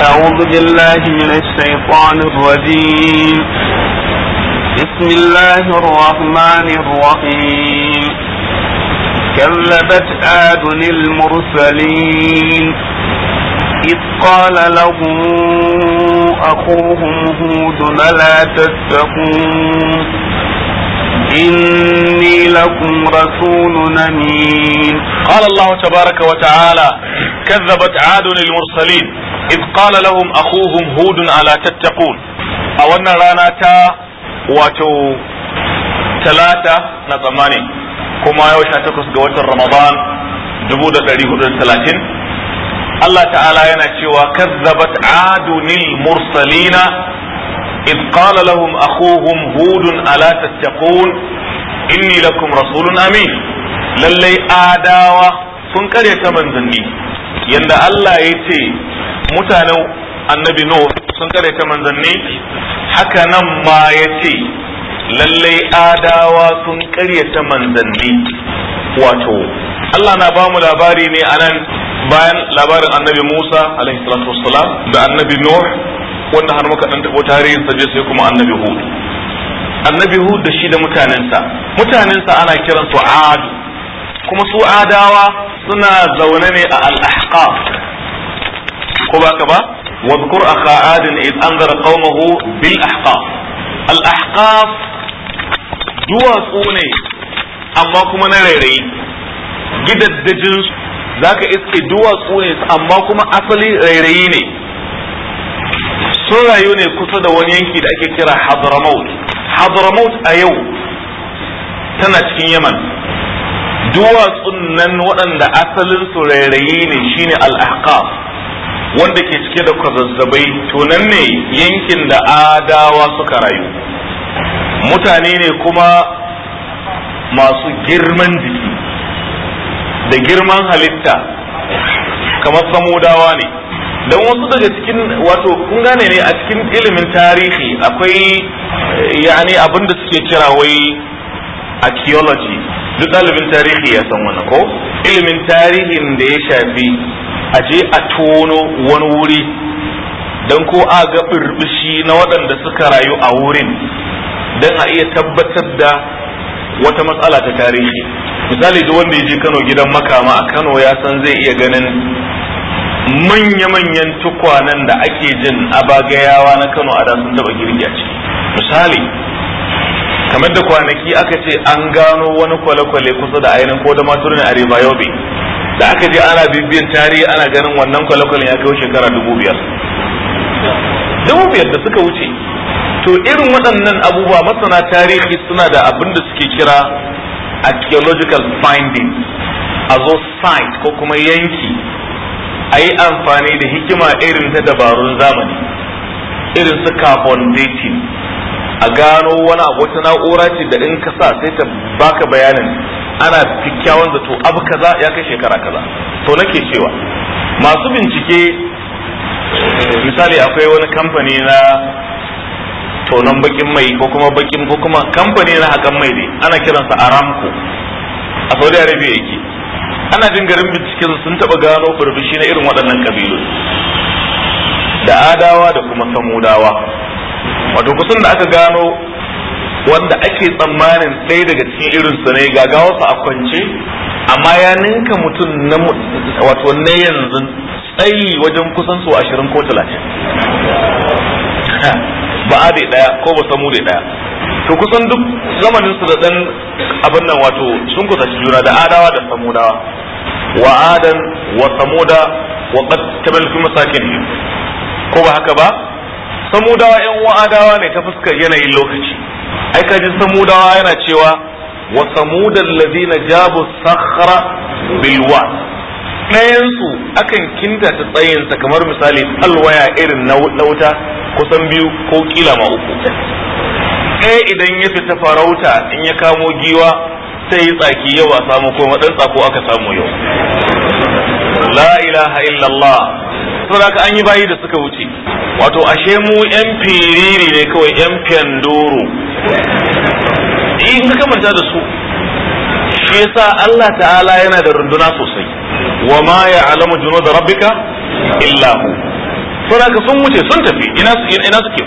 أعوذ بالله من الشيطان الرجيم بسم الله الرحمن الرحيم كذبت آد المرسلين إذ قال لهم أخوهم هود لا تتقون إني لكم رسول أمين قال الله تبارك وتعالى كذبت عاد المرسلين إذ قال لهم أخوهم هود ألا تتقون أولنا رانا تا واتو ثلاثة نظماني كما يوشا تكس قوات رمضان جبودة لديه الثلاثين الله تعالى ينشي وكذبت عاد للمرسلين إذ قال لهم أخوهم هود ألا تتقون إني لكم رسول أمين للي آداوة سنكر يتمنزني يند الله يتي متانو النبي نوح سنكر يتمنزني haka nan ma ya ce lallai adawa sun karyata manzanni wato Allah na bamu labari ne a nan bayan labarin annabi Musa alaihi da annabi Nuh wannan har muka dan tabo tarihin sa sai kuma annabi hud annabi hud da shi da mutanensa mutanensa ana kiran su adu kuma su adawa suna zaune ne a al-ahqaf ko ba ka ba واذكر أخا عاد إذ أنذر قومه بالأحقاف الأحقاف duwatsu ne amma kuma na rairayi gidaddajin za ka iske duwatsu ne amma kuma asali rairayi ne sun rayu ne kusa da wani yanki da ake kira hadramaut hadramaut a yau tana cikin yaman duwatsun nan waɗanda asalin su rairayi ne shine al-ahqaf wanda ke cike da kwazazzabai to nan ne yankin da adawa suka rayu mutane ne kuma masu girman jiki da girman halitta kamar samudawa ne don wasu daga cikin wato kun gane ne a cikin ilimin tarihi akwai eh, yani abin da suke kira wai archaeology duk ɗalibin tarihi ya san wannan ko ilimin tarihin da ya shafi a je a tono wani wuri don ko a ga birbishi na waɗanda suka rayu a wurin don a iya tabbatar da wata matsala ta tarihi misali duk wanda ya je kano gidan makama a kano ya san zai iya ganin manya-manyan tukwanen da ake jin abagayawa na kano a da sun taba girgi a ciki misali kamar da kwanaki aka ce an gano wani kwale-kwale kusa da ainihin ko da maturin a riba yobe da aka je ana bibiyar tarihi ana ganin wannan kwale-kwalen ya kai shekara dubu biyar dubu biyar da suka wuce to irin waɗannan abubuwa masana tarihi suna da abin da suke kira archaeological findings a zo site ko kuma yanki a yi amfani da hikima irin ta dabarun zamani irin su carbon dating a gano wani abu wata na'ura ce da in ka sa sai ta baka bayanin ana kyakkyawan zato abu kaza ya kai shekara kaza to nake cewa masu bincike misali akwai wani kamfani na tonon bakin mai ko kuma bakin ko kuma kamfani na hakan mai ne ana kiransa aramco a saudi arabia yake ana jin garin bincike sun taɓa gano burbushi na irin waɗannan kabilu da adawa da kuma samudawa wato kusan da aka gano wanda ake tsammanin ɗaya daga cikin irinsu ne ga gagawarsa a kwance amma ya ninka mutum na wato na yanzu tsayi wajen kusan su ashirin ko talatin ba a ɗaya ko ba samu ɗaya to kusan duk zamanin su da ɗan abin nan wato sun kusaci juna da adawa da samudawa وعادا وثمودا وقد تبل في مساكنهم ko ba haka ba samudawa yan wa'adawa ne ta fuskar yanayin lokaci ai kaji samudawa yana cewa wa samudan ladina jabu sakhra bilwa ɗayansu akan kinta ta tsayinsa kamar misali alwaya irin na wuta kusan biyu ko kila ma uku ɗaya idan ya fita farauta in ya kamo giwa sai yi tsaki yau a samu ko madan tsako aka samu yau la ilaha illallah saboda ka an yi bayi da suka wuce wato ashe mu yan firiri ne kawai yan fendoro in ka manta da su shi yasa Allah ta'ala yana da runduna sosai wa ma ya'lamu junud rabbika illa hu saboda sun wuce sun tafi ina su ina suke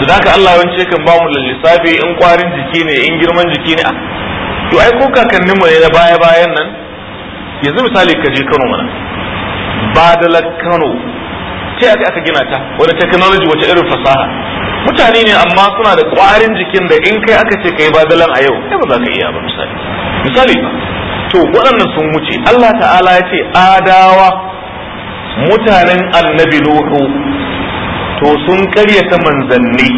su da Allah yawanci kan ba mu lissafi in kwarin jiki ne in girman jiki ne to ai ko kakannin mu ne na baya bayan nan yanzu misali ka je Kano mana ba da Kano ce aka aka gina ta wani technology wace irin fasaha mutane ne amma suna da kwarin jikin da in kai aka ce kai badalan a yau ba za ka iya ba misali misali to waɗannan sun wuce Allah ta'ala ya ce adawa mutanen annabi Nuhu to sun ta manzanni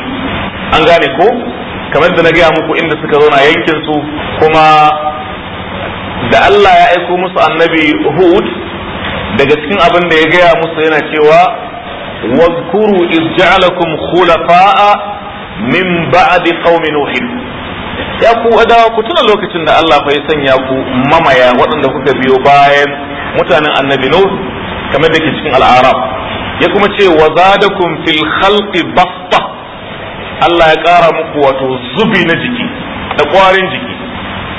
an gane ko kamar da na gaya muku inda suka zauna yankin su kuma da Allah ya aiko musu annabi Hud daga cikin abin da ya gaya musu yana cewa wazkuru iz ja'alakum khulafa'a min ba'di qaumi nuh ya ku adawa ku tuna lokacin da Allah fa sanya ku mamaya waɗanda kuka biyo bayan mutanen annabi Nuh kamar da ke cikin al'arab ya kuma ce wa zadakum fil khalqi basta Allah ya ƙara muku wato zubi na jiki da ƙwarin jiki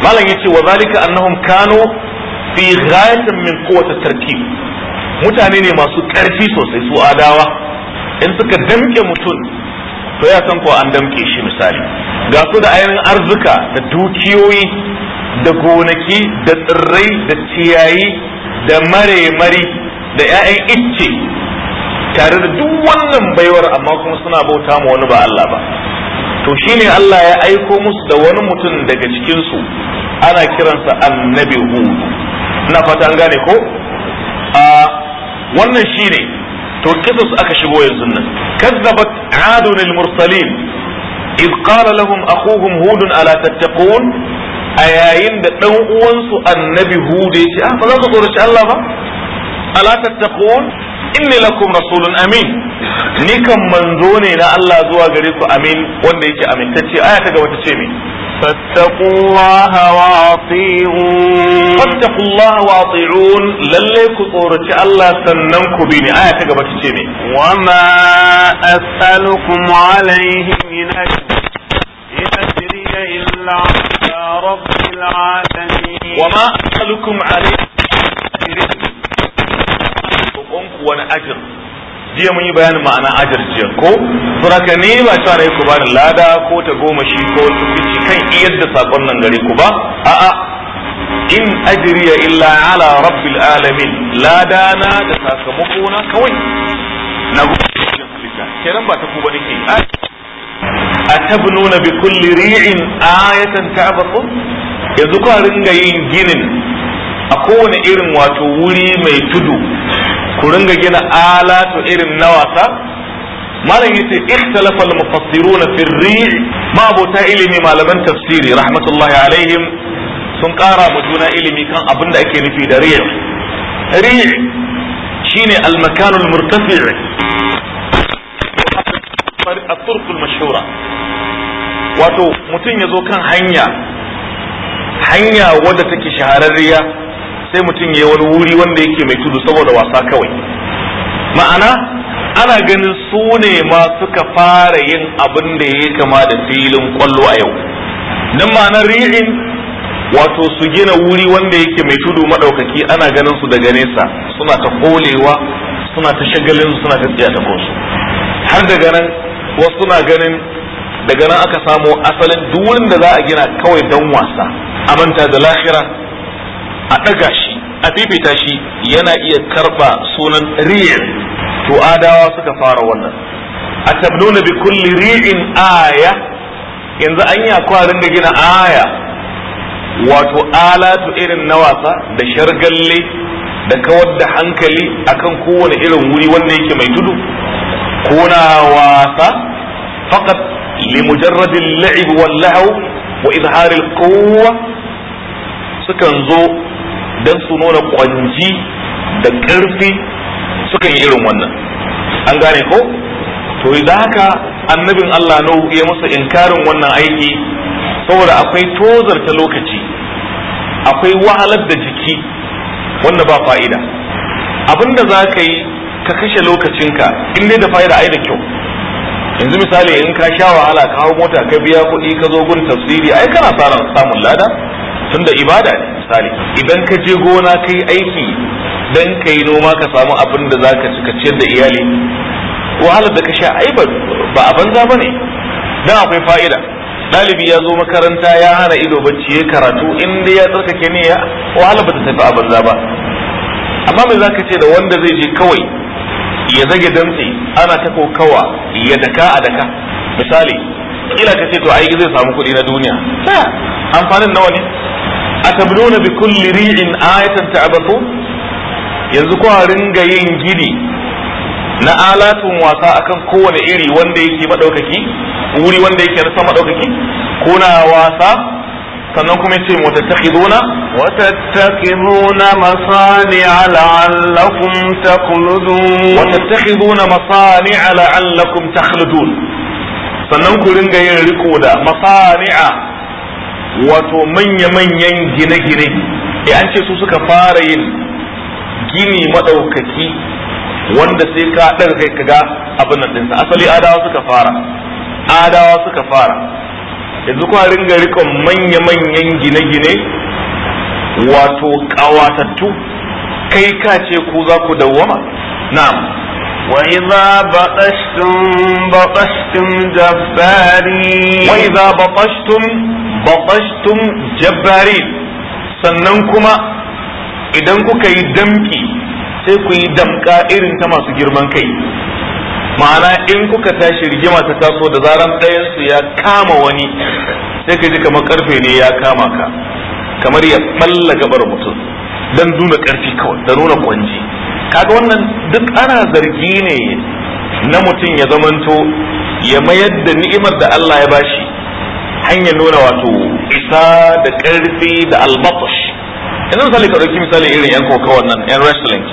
malam yace wa zalika annahum kanu fi ghayatin min quwwati tarkib mutane ne masu ƙarfi sosai su adawa in suka damke mutum to ya san ko an damke shi misali ga su da ainihin arzuka da dukiyoyi da gonaki da tsirrai da ciyayi da mare-mari da 'ya'yan icce tare da duk wannan baiwar amma kuma suna bauta ma wani ba Allah ba to shine Allah ya aiko musu da wani mutum daga cikin su ana kiransa annabi Hud na fata an gane ko a wannan shine to kisus aka shigo yanzu nan kazzabat adun al-mursalin id qala lahum akhuhum hud ala tattaqun a yayin da dan uwansu annabi Hud ya ce ah ba za ku tsoraci Allah ba ala tattaqun inni lakum rasulun amin ni kan manzo ne na Allah zuwa gare ku amin wanda yake amintacce aya ta gaba ta ce me فاتقوا الله واطيعون فاتقوا الله واطيعون لليك صورتي الله سننكو بيني آية تقبل تشيني وما أسألكم عليه من أجر إن أجري إلا على رب العالمين وما أسألكم عليه wani ajir jiya mun yi bayanin ma'ana ajir jiya ko suraka ne ba cewa ku bani lada ko ta goma shi ko tufici kan iyar da sakon nan gare ku ba a'a in ajriya illa ala rabbil alamin lada na da sakamako na kawai na kenan ba ta ku ba nake atabnuna bi kulli ri'in ayatan yanzu ku ringa yin ginin a kowane irin wato wuri mai tudu ku ringa gina alatu irin na wasa malam yace ikhtalafa al-mufassirun fi ar-ri' ma ilimi malaman tafsiri rahmatullahi alaihim sun kara mu juna ilimi kan abin da ake nufi da ri' ri' shine al-makan al-murtafi' wato mutum ya zo kan hanya hanya wadda take shahararriya sai mutum ya wani wuri wanda yake mai tudu saboda wasa kawai ma'ana ana ganin su ne ma suka fara yin abin da ya kama da filin kwallo a yau nan ma'ana ri'in wato su gina wuri wanda yake mai tudu maɗaukaki, ana ganin su daga nesa suna ta kolewa suna ta shagalin suna ta tsiya ta kosu har daga nan wasu suna ganin daga nan aka samo asalin duk wanda da za a gina kawai don wasa a manta da lahira a ɗaga shi a fifita shi yana iya karba sunan riyar. to adawa suka fara wannan a tabnuna bi kulli ri'in aya yanzu an yi akwa ringa gina aya wato alatu irin na wasa da shargalle da kawar da hankali akan kowane irin wuri wanda yake mai tudu kuna wasa faqat لمجرد اللعب wa وإظهار kowa sukan zo don su nuna kwanji da ƙarfi suka yi irin wannan an gane ko to da haka annabin Allah nau ya masa inkarin wannan aiki saboda akwai tozarta lokaci akwai wahalar da jiki wanda ba fa'ida abinda za ka yi ka kashe lokacinka in dai da fa'ida ai da kyau yanzu misali in ka sha wahala ka hau mota ka biya kuɗi ka zo gun tafsiri ai kana samun lada tunda ibada ne misali idan ka je gona kai aiki dan kai noma ka samu abin da zaka ka cika ciyar da iyali wahalar da ka sha ai ba a banza bane dan akwai fa'ida ɗalibi ya zo makaranta ya hana ido bacci ya karatu inda ya tsarkake ne ya wahala ba ta tafi a banza ba amma me zaka ce da wanda zai je kawai ya zage damtse ana ta kokawa ya daka a daka misali kila ka ce to ai zai samu kuɗi na duniya amfanin nawa ne atabnuna bi kulli ri'in ayatan ta'abathu yanzu ko ringa yin gini na alatun wasa akan kowane iri wanda yake madaukaki wuri wanda yake na sama madaukaki kuna wasa sannan kuma yace wa tattakhiduna wa tattakhiduna masani'a la'allakum takhludun wa tattakhiduna masani'a la'allakum takhludun sannan ku ringa yin riko da masani'a wato manya-manyan gine-gine e an ce su suka fara yin gini maɗaukaki wanda sai ka ɗaga kai kaga abin nan ɗinsa asali adawa suka fara adawa suka fara yanzu kuma ringa rikon manya-manyan gine-gine wato ƙawatattu kai ka ce ku za ku dawwama na'am وإذا بطشتم بطشتم جبارين وإذا بطشتم بطشتم جبارين sannan kuma idan kuka yi damki sai ku yi damka irin ta masu girman kai ma'ana in kuka tashi rigima ta taso da zaran ɗayansu ya kama wani sai ka ji kamar karfe ne ya kama ka kamar ya balla gabar mutum don nuna ƙarfi kawai da nuna kwanji kaga wannan duk ana zargi ne na mutum ya zamanto ya mayar da ni'imar da Allah ya bashi hanya nuna wato isa da ƙarfi da albatash yanzu misali ka ɗauki misali irin yan koka wannan yan wrestling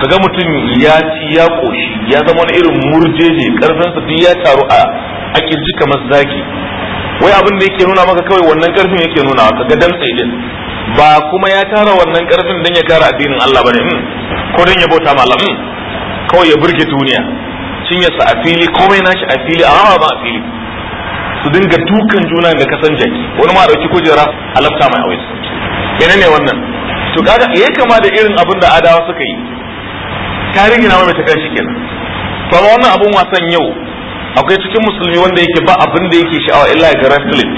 kaga mutum ya ci ya koshi ya zama wani irin murjeje sa duk ya taru a a kirji kamar zaki wai abin da yake nuna maka kawai wannan ƙarfin yake nuna ka ga damtse din ba kuma ya tara wannan ƙarfin don ya tara addinin Allah bane hmm. ko don ya bauta malam hmm. kawai ya burge duniya yasa a fili komai nashi a fili a rama ba a fili su dinga dukan juna da kasan jaki wani ma dauki kujera a lafta mai awai ne wannan to kaga yayi kama da irin abin da adawa suka yi tarihi na mai ta kai kenan to amma wannan abun wasan yau akwai cikin musulmi wanda yake ba abin da yake sha'awa illa ga wrestling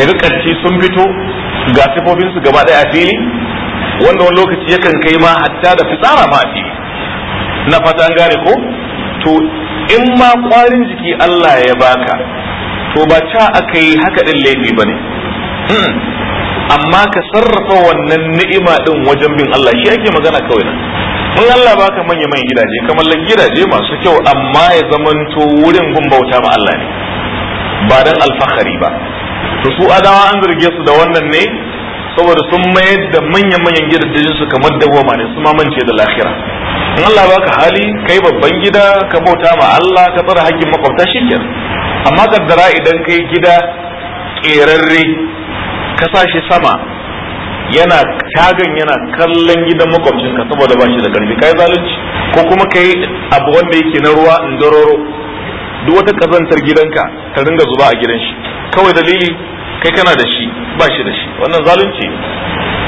ya ga sun fito ga sifofin su gaba daya a fili wanda wani lokaci yakan kai ma hatta da fitsara ma a na fata an gane ko to in ma kwarin jiki Allah ya baka to ba ta aka yi haka din laifi ba ne hmm. amma ka sarrafa wannan ni'ima din wajen bin Allah shi ake magana kawai nan mun Allah baka manya manyan gidaje kamar gidaje masu kyau amma ya zamanto wurin gun bauta ma Allah ne ba dan alfahari ba to su adawa an zarge su da wannan ne saboda sun mayar da manya-manyan gidajen su kamar da dawwama ne su mamance da lahira in Allah baka hali kai babban gida ka bauta ma Allah ka tsara hakkin makwabta shikenan amma kaddara idan kai gida kerarre ka sa shi sama yana tagan yana kallon gidan ka saboda ba shi da karfi kai zalunci ko kuma kai abu wanda yake na ruwa in duk wata kazantar gidanka ta ringa zuba a gidan shi kawai dalili kai kana da shi ba shi da shi wannan zalunci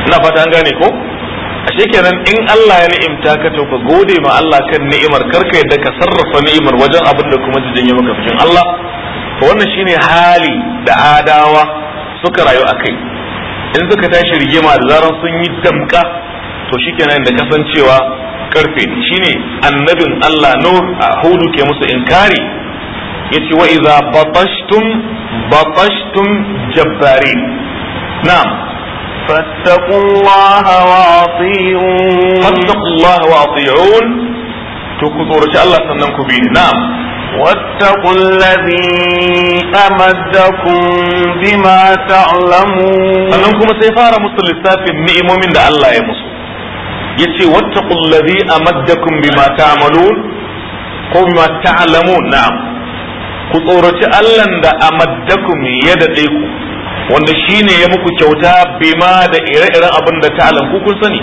ina fata an gane ko a kenan in Allah ya ni'imta ka to ka gode ma Allah kan ni'imar karka yadda ka sarrafa ni'imar wajen abin da kuma jijin maka fikin Allah to wannan shine hali da adawa suka rayu a kai. in suka tashi rigima da zaran sun yi damka to shikenan da kasancewa karfe shine annabin Allah no a hudu ke musu inkari yace wa wa'iza batashtum batashtum jabbarin نعم فاتقوا الله واطيعون فاتقوا الله واطيعون تكثر الله سننكم بين نعم واتقوا الذي امدكم بما تعلمون سننكم سيفار مصر لساف النئم من دا الله يمصر يتي واتقوا الذي امدكم بما تعملون قم ما تعلمون نعم كثرة الله دا أمدكم يدعيكم wanda shine ya muku kyauta bima da ire-iren abin da ta'alan ku kun sani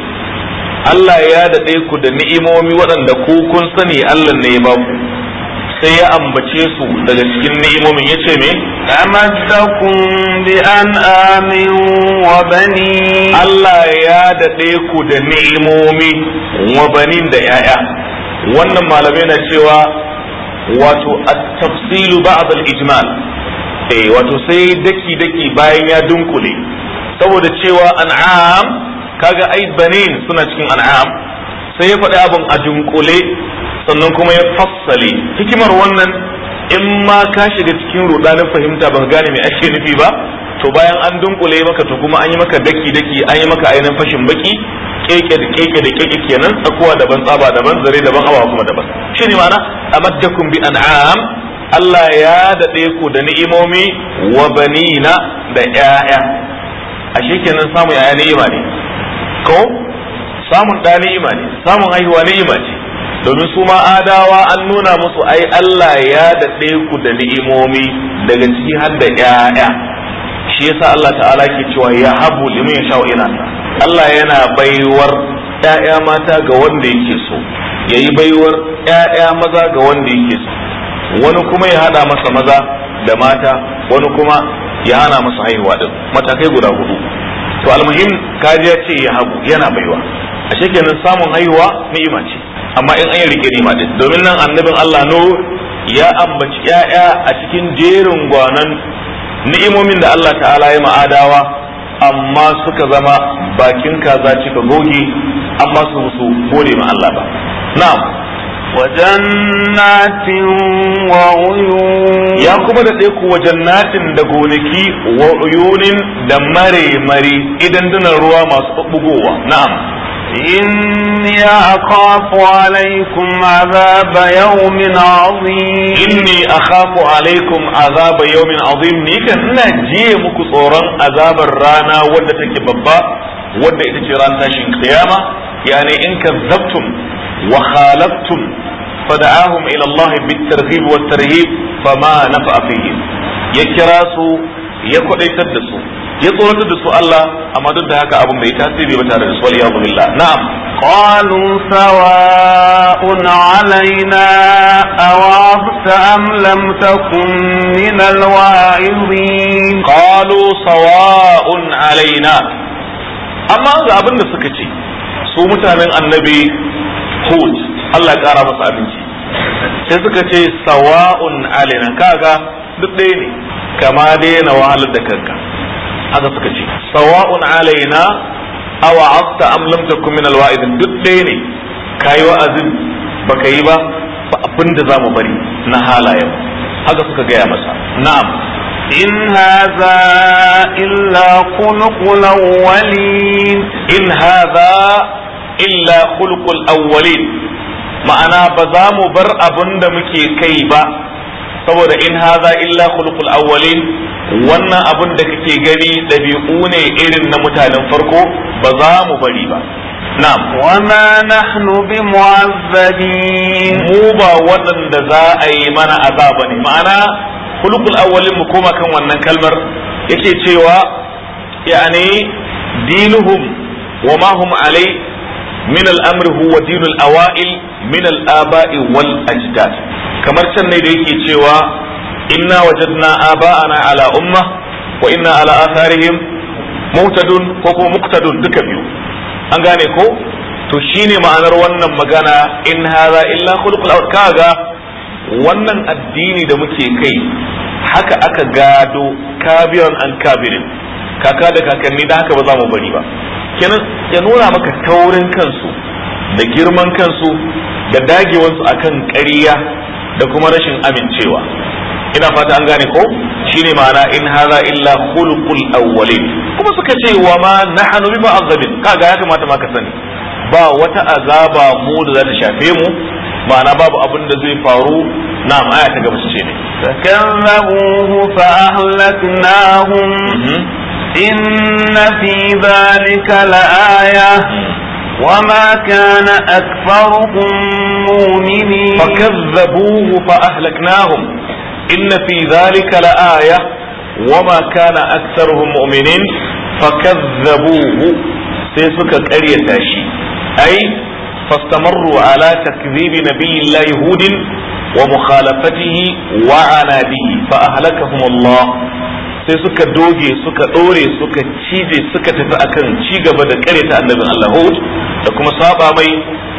Allah ya daɗe ku da ni'imomi waɗanda ku kun sani Allah ne ya ba ku sai ya ambace su daga cikin ni'imomin ya ce me amaddakum bi an'amin wa bani Allah ya daɗe ku da ni'imomi wa banin da 'ya'ya wannan malamai na cewa wato at-tafsilu ba'd al-ijmal Eh, wato sai daki daki bayan ya dunkule saboda cewa an'am kaga ai banin suna cikin an'am sai ya faɗi abin a dunkule sannan kuma ya fassale hikimar wannan in ma ka shiga cikin rudanin fahimta ba gane mai ake nufi ba to bayan an dunkule maka to kuma an yi maka daki daki an yi maka ainihin fashin baki keke da keke da keke kenan tsakuwa daban tsaba daban zare daban awa kuma daban shine ma'ana amaddakum bi an'am Allah ya daɗe ku da ni'imomi wa banina da ƴaƴa A kenan samun ƴaƴa ni'ima ne ko samun ɗa ni'ima ne samun haihuwa ni'ima ce domin su ma adawa an nuna musu ai Allah ya daɗe ku da ni'imomi daga ciki har da ƴaƴa shi yasa Allah ta'ala ke cewa ya habu liman yasha'u inasa Allah yana baiwar ƴaƴa mata ga wanda yake so yayi baiwar ƴaƴa maza ga wanda yake so wani kuma ya hada masa maza da mata wani kuma ya hana masa haihuwa din matakai guda hudu to almuhim kaji ya ce ya hagu yana baiwa a shekenan samun haihuwa ni'ima ce amma in an yi rike ni'ima din domin nan annabin Allah no ya ambaci ya'ya a cikin jerin gwanan ni'imomin da Allah ta'ala ya ma'adawa amma suka zama bakin kaza cika goge amma su musu gode ma Allah ba na'am وجنات وعيون يا كما دقيق وجنات دقونكي وعيون دمري مري إذن دون الروا ما سبقوا نعم إني أخاف عليكم عذاب يوم عظيم إني أخاف عليكم عذاب يوم عظيم نيكا نجي مكسورا عذاب الرانا ودى تكببا ودى إتجران تاشين قيامة يعني إن كذبتم وخالفتم فدعاهم إلى الله بالترغيب والترهيب فما نفع فيهم يكراسوا يكون يتدسوا يطول تدسوا الله أما ضد هكا أبو ميتا سيبي بتارس والعياذ بالله نعم قالوا سواء علينا أوعظت أم لم تكن من الواعظين قالوا سواء علينا أما أبن سكتي su mutanen annabi hud Allah ya kara masa abinci sai suka ce sawa'un alaina kaga duk ɗaya ne kama dai na wahalar da kanka haka suka ce sawa'un alaina awa aqta am lam takun min alwa'idin duk ɗaya ne kayi wa'azin baka yi ba ba abinda zamu bari na halayen haka suka gaya masa na'am in hadha illa khuluqul awwalin in hadha illa khulqul awwalin ma'ana ba za mu bar abun da muke kai ba saboda in haza illa khulqul awwalin wannan abin da kake gani dabi'u ne irin na mutanen farko ba za mu bari ba na'am wama nahnu bimu'azzabin mu ba waɗanda za a yi mana azaba ne ma'ana khulqul awwalin mu koma kan wannan kalmar yake cewa yani dinuhum wa ma hum alai من الامر هو huwa dinul awail الاباء والاجداد abai wal kamar ne da yake cewa inna wajadna aba'ana ala umma wa inna ala atharihim muhtadun ko kuma muqtadun duka biyu an gane ko to shine ma'anar wannan magana in hadha illa khuluqul kaga wannan addini da muke kai haka aka gado kabiran an kabirin kaka da kakanni da haka ba za mu bari ba kenan ya nuna maka taurin kansu da girman kansu da dagewansu akan ƙarya da kuma rashin amincewa ina fata an gane ko shine ma'ana in hadha illa khulqul awwalin kuma suka ce wa ma nahnu bi mu'azzabin kaga ya kamata ma ka sani ba wata azaba mu da za ta shafe mu ma'ana babu abin da zai faru na aya ta gaba ce ne fa ahlaknahum إن في ذلك لآية وما كان أكثرهم مؤمنين فكذبوه فأهلكناهم إن في ذلك لآية وما كان أكثرهم مؤمنين فكذبوه سيسك قرية أي فاستمروا على تكذيب نبي الله هود ومخالفته وعناده فأهلكهم الله sai suka doge suka ɗore suka cije suka tafi akan ci gaba da kare ta annabin Allah da kuma saba mai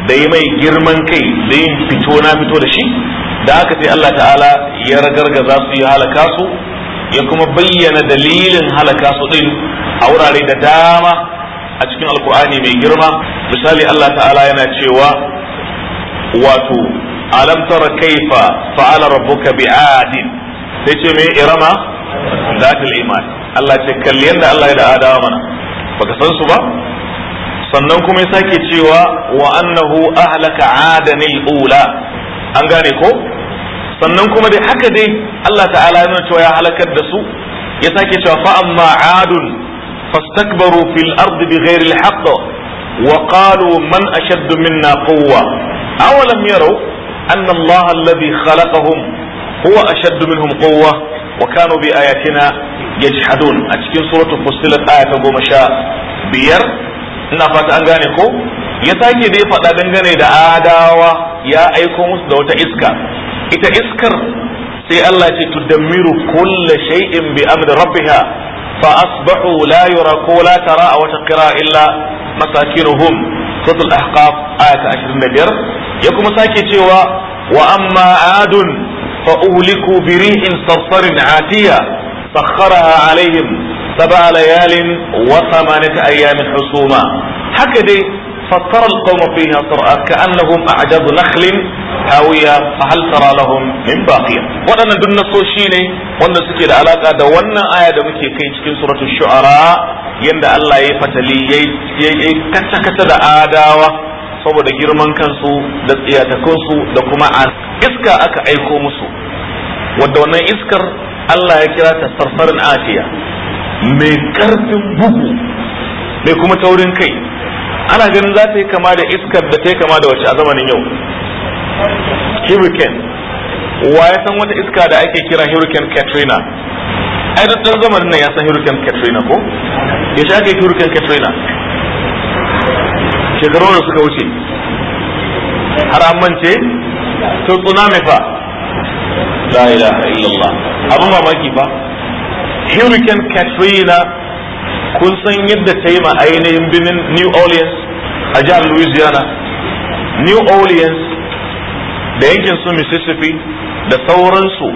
da yi mai girman kai da yin fito na fito da shi da aka sai Allah ta'ala ya ragargaza su ya halaka su ya kuma bayyana dalilin halaka su din a wurare da dama a cikin alkur'ani mai girma misali Allah ta'ala yana cewa wato alam tara kaifa fa'ala rabbuka bi'adin sai ce me irama zatul iman Allah ce kalli yanda Allah ya da adawa mana baka san su ba sannan kuma ya sake cewa wa annahu ahlaka adanil ula an gane ko sannan kuma dai haka dai Allah ta'ala ya nuna cewa ya halakar da su ya sake cewa fa amma adun فاستكبروا في الارض بغير الحق وقالوا من اشد منا قوه اولم يروا ان الله الذي خلقهم هو اشد منهم قوه وكانوا باياتنا يجحدون اتكين سوره فصلت ايه قوم شاء بير نفت انغانيكو يتاكي sake فتا دنجاني دا اداوا يا ايكم aiko اسكا اتا اسكر سي الله iskar sai كل شيء بأمر ربها فأصبحوا لا يرى لا ترى أو تقرا إلا مساكنهم سورة الأحقاف آية 25 يكم ساكي تيوا وأما عاد فأهلكوا بريح صرصر عاتية سخرها عليهم سبع ليال وثمانية أيام حسوما هكذا فترى القوم فيها صرعى كأنهم أعجاز نخل هاوية فهل ترى لهم من باقية وأنا دون نصوشيني وأنا سكي العلاقة دا وأنا آية دا مكي كي تكين سورة الشعراء يند الله يفتلي يكتا كتا دا آداوة saboda girman kansu da tsiyatakunsu da kuma an iska aka aiko musu wadda wannan iskar Allah ya kira ta sarfarin atiya mai karfin bugu mai kuma taurin kai ana ganin za ta yi kama da iskar da ta yi kama da wacce a zamanin yau hurricane wa ya san wata iska da ake kira hurricane katrina ai da ɗan zamanin nan ya san hurricane katrina ko ya shi ake hurricane katrina shekaru da suka wuce har an mance to tsunami fa la ilaha illallah abin mamaki fa hurricane katrina kun san yadda ta yi ma ainihin birnin new orleans a jihar louisiana new orleans da yankin su mississippi da sauransu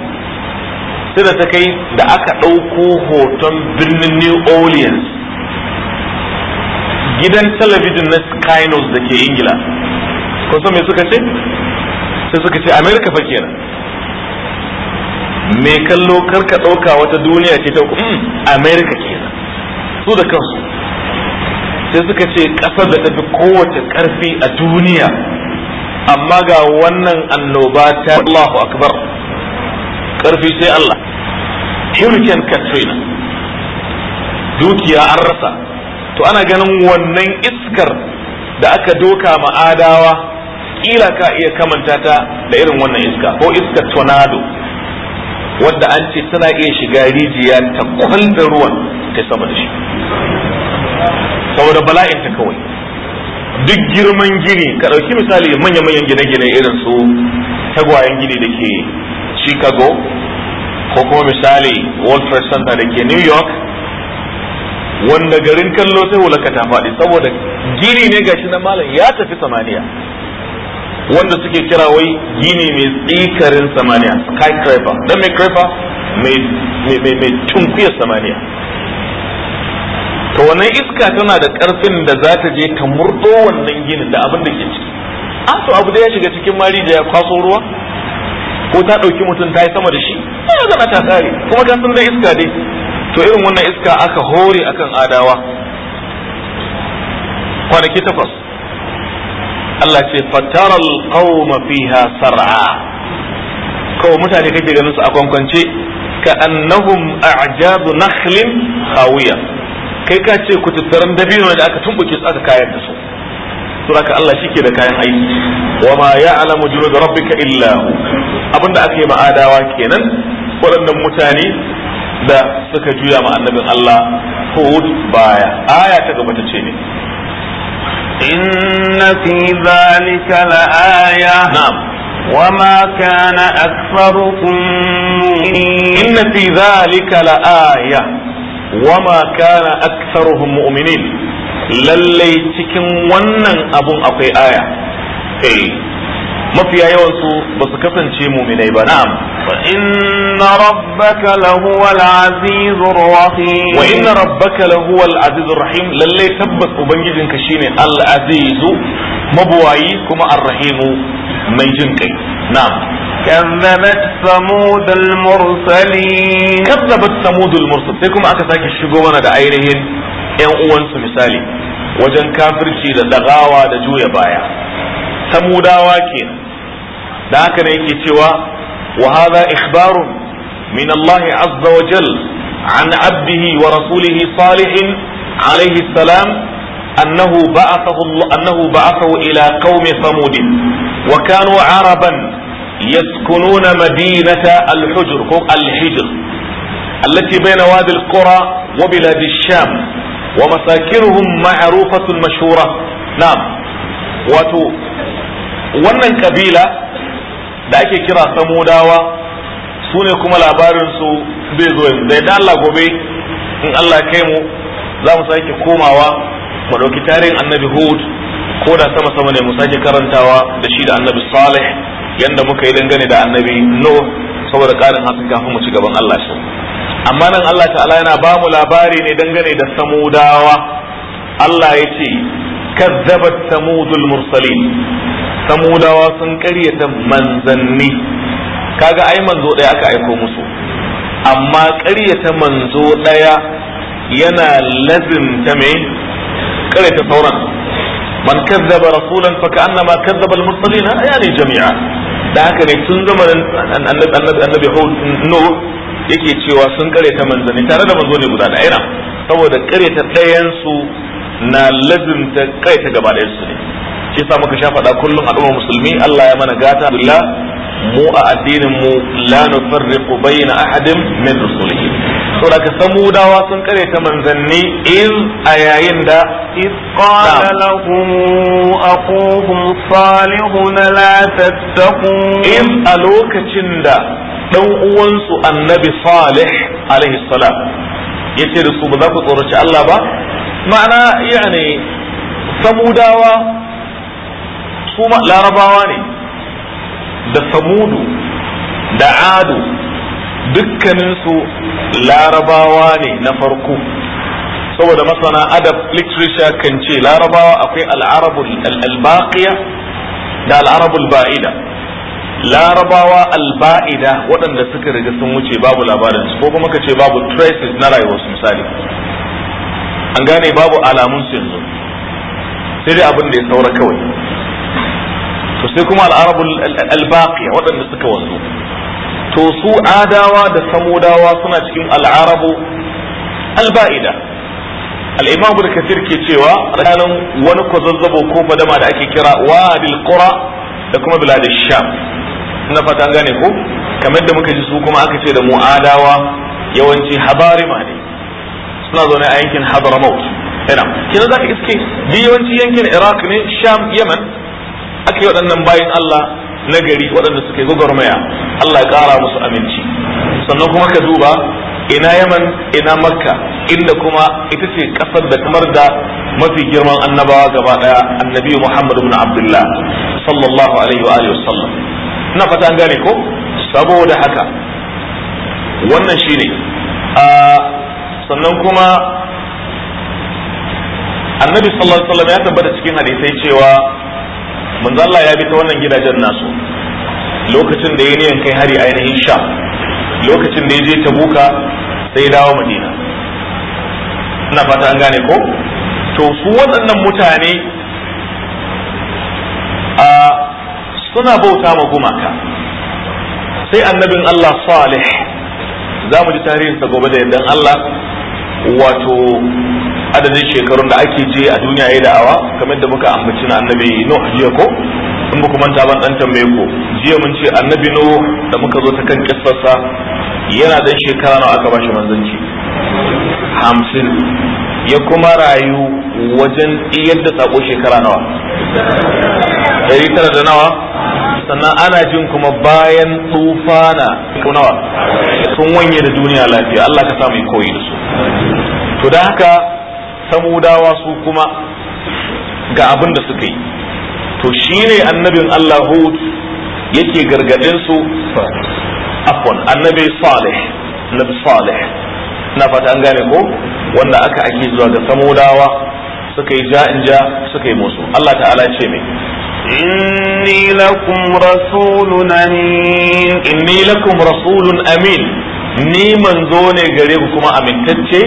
sai da ta kai da aka ɗauko hoton birnin new orleans gidan talabijin na sky news da ke ingila kun san me suka ce sai suka ce america fa kenan me kallo karka ɗauka wata duniya ce ta hmm, america kenan su da kansu sai suka ce ƙasar da ta tafi kowace ƙarfi a duniya amma ga wannan annoba ta Allahu akbar ƙarfi sai Allah hurricane Katrina dukiya an rasa to ana ganin wannan iskar da aka doka ma'adawa kila ka iya kamanta ta da irin wannan iska ko iskar tornado wadda an ce tana iya shiga rijiya ta kwalda ruwan ta sama da shi saboda bala'in ta kawai duk girman gini ka ɗauki misali manya-manyan gine-gine irin su tagwayen gini da ke chicago ko kuma misali world trade center da ke new york wanda garin kallo sai hulaka ta faɗi saboda gini ne gashi na malam ya tafi samaniya wanda suke kira wai gini mai tsikarin samaniya skyscraper don mai creeper mai tunkuyar samaniya to wannan iska tana da ƙarfin da za ta je ta murdo wannan ginin da abin da ke ciki an to abu da ya shiga cikin mari da ya kwaso ruwa ko ta ɗauki mutum ta yi sama da shi ya zama ta tsare kuma kan sun da iska dai to irin wannan iska aka hore akan adawa kwanaki takwas Allah ce fataral qauma fiha sar'a kawai mutane kake ganin su a kwankwance ka annahum a'jabu nakhlin hawuya. kai ka ce ku tattaran dabino da aka tumbuke tsaka kayan da su to haka Allah shike da kayan aiki wa ma ya'lamu junud rabbika illa hu abinda aka yi ma adawa kenan waɗannan mutane da suka juya ma annabin Allah ko baya aya ta gaba ta ce ne إن في ذلك لآية نعم وما كان أكثركم مؤمنين إن في ذلك لآية wama kana aktharuhum mu'minin lallai cikin wannan abun akwai aya eh mafiya yawan su ba su kasance mu'minai ba na'am wa inna rabbaka lahuwal azizur rahim wa inna rabbaka lahuwal azizur rahim lallai tabbas ubangijinka shine al azizu mabuwayi kuma ar rahimu mai jin kai na'am كذبت ثمود المرسلين كذبت ثمود المرسل sai kuma aka sake shigo mana da ainihin yan uwansu misali wajen kafirci da dagawa da juya baya samudawa ke da haka ne yake cewa wa hadha ikhbarun min Allah an abdihi wa rasulihi salihin alayhi salam أنه بعثه, أنه بعثه إلى قوم ثمود وكانوا عربا yaskununa madinata al-hujr ko al-hijr allati bayna wadi al-qura wa bilad ash-sham na'am wato wannan kabila da ake kira samudawa su ne kuma labarinsu bai zo yanzu da Allah gobe in Allah kai mu za mu sake komawa mu ɗauki tarihin annabi Hud ko da sama sama ne mu sake karantawa da shi da annabi Salih yanda muka yi dangane da annabi no saboda karin hakan kafin mu ci gaban Allah shi amma nan Allah ta'ala yana ba mu labari ne dangane da samudawa Allah ya ce kazzabat samudul mursalin samudawa sun karyata manzanni kaga ai manzo ɗaya aka aiko musu amma karyata manzo ɗaya yana lazimta me karyata sauran man kazzaba rasulan fa ka'annama kazzaba al-mursalin yani jami'a da haka ne tun zamanin annabi hud no yake cewa sun kare ta manzanni tare da manzo ne guda da ina saboda kare ta ɗayan su na ta kai ta gaba da su ne shi yasa muka sha faɗa kullum al'umma musulmi Allah ya mana gata billah mu a addinin mu la nufarriqu bayna ahadin min rusulihi saboda ka dawa sun kare ta manzanni in a yayin da iz qala lahum aquhum salihun la tattaqun In a lokacin da dan uwansu annabi salih alaihi salam yace da su ba za ku tsoraci Allah ba ma'ana yani samudawa su larabawa ne da samudu da adu dukkaninsu larabawa ne na farko saboda masana adab literature kan ce larabawa akwai al'arabul baqiya da al'arabul ba'ida larabawa alba'ida waɗanda suka riga sun wuce babu labarin su ko kuma ka ce babu traces na rayuwar su misali an gane babu alamun su yanzu sai dai abin da ya saura kawai to sai kuma al'arabul albaqiya waɗanda suka wanzu to su adawa da samudawa suna cikin al'arabu al alba'ida al'imam da kasir ke cewa ranar wani kwazazzabo ko fadama da ake kira wadil qura da kuma biladin sham Ina fata an gane ko kamar da muka ji su kuma aka ce da mu adawa yawanci habarima ne suna zaune a yankin hadramaut Ina kina zaka iske yawanci yankin iraq ne sham yaman aka yi waɗannan bayan Allah na gari waɗanda suke gwagwarmaya Allah ya ƙara musu aminci sannan kuma ka duba ina yaman ina makka inda kuma ita ce ƙasar da kamar da mafi girman annabawa gaba ɗaya annabi Muhammadu ibn abdullah sallallahu alaihi wa alihi wasallam ina fata an gane ko saboda haka wannan shine a sannan kuma annabi sallallahu alaihi wasallam ya tabbata cikin hadisai cewa manzo Allah ya bi ta wannan gidajen nasu lokacin da ya niyan kai hari ainihin sha lokacin da ya je tabuka sai ya dawo madina ina fata an gane ko to su waɗannan mutane a suna bauta ma gumaka sai annabin Allah salih za mu ji tarihinsa gobe da yadda Allah wato adadin shekarun da ake je a duniya ya da'awa kamar da muka ambaci na annabi nuh jiya ko in muku manta ban dan tambaye ko jiya mun ce annabi nuh da muka zo ta kan kissarsa yana da shekara nawa aka bashi manzanci hamsin ya kuma rayu wajen yadda da sako shekara nawa ɗari tara da nawa sannan ana jin kuma bayan tsufana ko nawa sun wanye da duniya lafiya Allah ka sa mai koyi da su to da haka samudawa su kuma ga abin da suka yi to shine annabin Allah Hud yake gargadin su afwan annabi Salih nabi Salih na fata an gane ko wanda aka ake zuwa ga samudawa suka yi ja in ja suka yi musu Allah ta'ala ce mai inni lakum rasulun amin inni lakum rasulun amin ni manzo ne gare ku kuma amintacce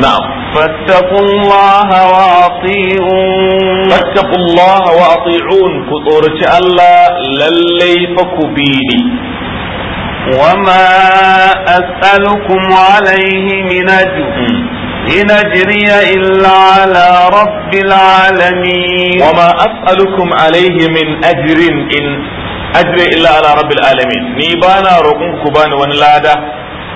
na fattakullaha wa ati'un fattakullaha wa ku tsoraci Allah lalle fa ku bi ni wama as'alukum alayhi min إن أجري إلا على رب العالمين وما أسألكم عليه من أجر إن أجري إلا على رب العالمين نيبانا رقم كبان ونلادة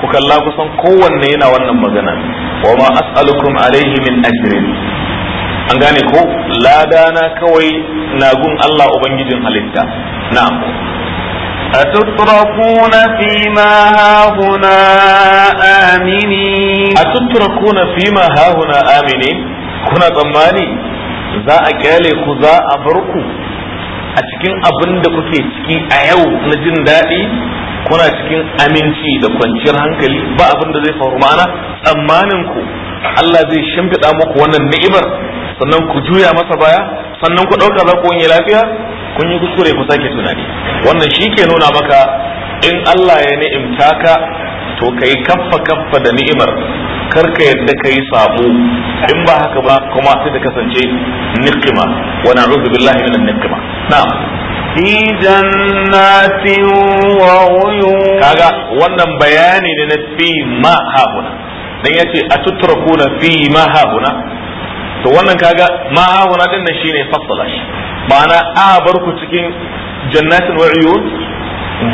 ku kalla kusan kowanne yana wannan magana wa ma as'alukum alaihi min ajrin an gane ko na kawai na gun Allah ubangijin halitta na'am أتتركون فيما هاهنا آمنين أتتركون فيما هاهنا آمنين كنا tsammani za a kyale ku za a bar ku a cikin abin da kuke ciki a yau na jin daɗi kuna cikin aminci da kwanciyar hankali ba abin da zai faru ma'ana tsammanin ku Allah zai shimfiɗa muku wannan ni'imar sannan ku juya masa baya sannan ku ɗauka za ku wanye lafiya kun yi kuskure ku sake tunani wannan shi ke nuna maka in Allah ya ni'imta ka to yi kaffa kaffa da ni'imar kar ka yadda ka yi sabo in ba haka ba kuma sai da kasance niqima wa na'udhu billahi minan niqima na'am fi jannatin wa uyu kaga wannan bayani ne na fi ma hauna dan yace atutrakuna fi ma hauna to wannan kaga ma hauna din nan shine fassala shi ma'ana a bar ku cikin jannatin wa uyu